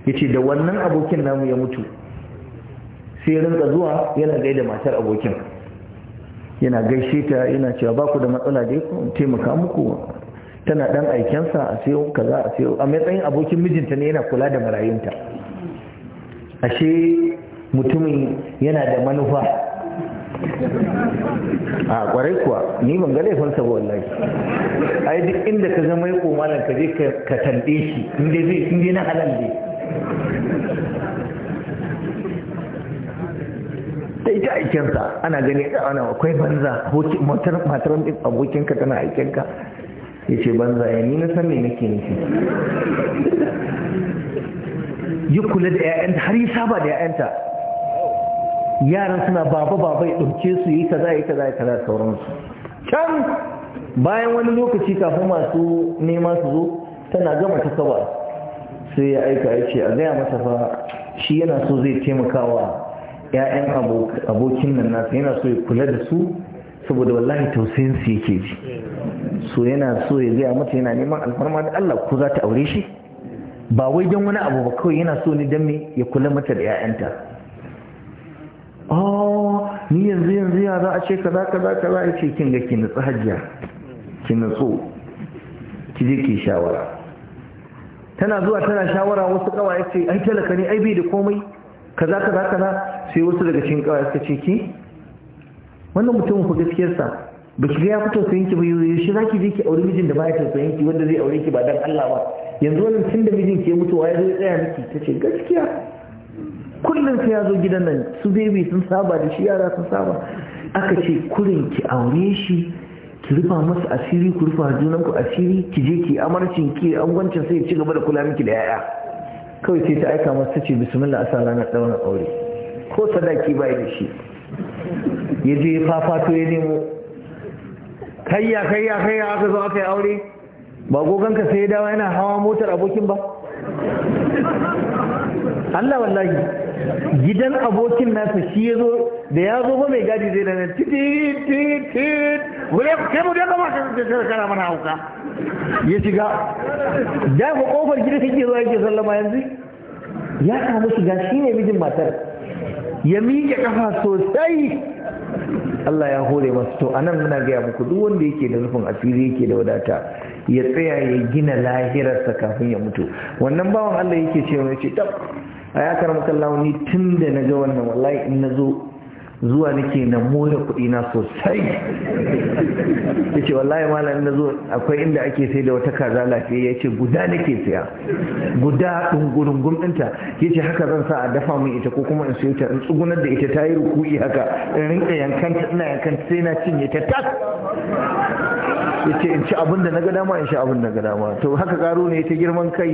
ya ce da wannan abokin namu ya mutu sai rinka zuwa yana gaida matar abokin yana gaishe ta yana cewa ba ku da matsala da ya taimaka muku tana dan aikensa a sayo kaza a sayo a matsayin abokin mijinta ne yana kula da marayunta ashe mutumin yana da manufa a kwarai kuwa ni ban ga laifin sa wallahi ai duk inda ka zama ya koma nan ka je ka tambaye shi inda zai inda na halal ne da aikin aikensa ana gani ana akwai banza matar matar abokinka tana aikenka ya ce banza ya ni na san me nake nufi yi kula da 'ya'yanta har yi saba da 'ya'yanta yaran suna baba baba ya ɗauke su yi kaza yi kaza yi kaza sauransu can bayan wani lokaci kafin masu nema su zo tana gama ta kawa sai ya aika ya ce a gaya masa fa shi yana so zai taimakawa ‘ya'yan abokin nan nasa yana so ya kula da su saboda wallahi tausayin su yake ji so yana so ya gaya mata yana neman alfarma da Allah ko za ta aure shi ba wai don wani abu ba kawai yana so ne don me ya kula mata da ‘ya'yanta Ah, ni yanzu yanzu ya za a ce kaza kaza kaza ya ce kin ga ki nutsu hajiya ki nutsu ki je ki shawara tana zuwa tana shawara wasu ya ce ai talaka ne ai bai da komai kaza kaza kaza sai wasu daga cikin kawa suka ce ki wannan mutumin ku gaskiyarsa ba ki ga ya fito sayin ki ba shi za ki je ki aure mijin da ba ya tausayin ki wanda zai aure ki ba dan Allah ba yanzu wannan tun da mijin ke mutuwa ya zo ya tsaya miki ta ce gaskiya kullum sai ya zo gidan nan su bebe sun saba da shi yara sun saba aka ce kurin ki aure shi ki rufa masa asiri ku rufa junan ku asiri ki je ki amarcin ki angwancin sai ci gaba da kula miki da yaya kawai sai ta aika masa ce bismillah asa ranar daunar aure ko sadaki bai da shi ya je fafato ya nemo kayya kayya kayya aka zo aka yi aure ba goganka sai ya dawo yana hawa motar abokin ba [LAUGHS] Allah wallahi gidan abokin nasa shi ya zo da ya zo mai gadi zai da nan tititit wuri kai mu dama ka tsara kana mana hauka ya shiga da ku kofar gida kake zuwa yake sallama yanzu ya samu shiga shi ne mijin matar ya miƙe kafa sosai Allah ya hore masu to anan muna gaya muku duk wanda yake da nufin asiri yake da wadata ya tsaya ya gina lahirarsa kafin ya mutu wannan bawan Allah yake ce ya ce tab a ya launi tun da na ga wannan wallahi in na zo zuwa nake na more kuɗi na sosai ya ce wallahi malam na zo akwai inda ake sai da wata kaza lafiya ya ce guda nake siya guda ɗungurungun ɗinta ya ce haka zan sa a dafa min ita ko kuma in siyo ta in tsugunar da ita ta yi ruku'i haka in rinka yankan ina yankan sai na cinye ta tas ya ce in ci abin da na ga dama in ci abin da na ga dama to haka karo ne ta girman kai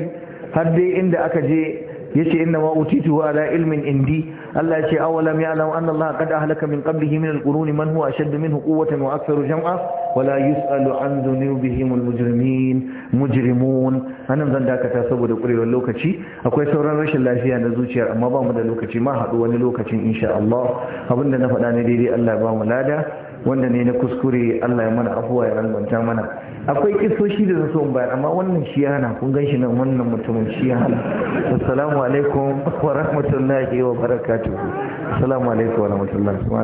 har dai inda aka je yace inna ma utitu ala ilmin indi Allah yace awalam ya'lam anna Allah qad ahlaka min qablihi min al-quruni man huwa ashadd minhu quwwatan wa aktharu jam'a wa la yus'alu an dhunubihim al-mujrimin mujrimun anan zan dakata saboda kurewar lokaci akwai sauran rashin lafiya na zuciya amma ba mu da lokaci ma haɗu wani lokacin insha Allah abinda na faɗa ne daidai Allah ya ba mu lada wanda ne na kuskure Allah ya mana afuwa ya rangwanta mana akwai kisoshi da so in bayar amma wannan shi hana kun gan shi nan wannan mutumin shi hana assalamu alaikum wa rahmatullahi wa barakatuhu assalamu alaikum wa rahmatullahi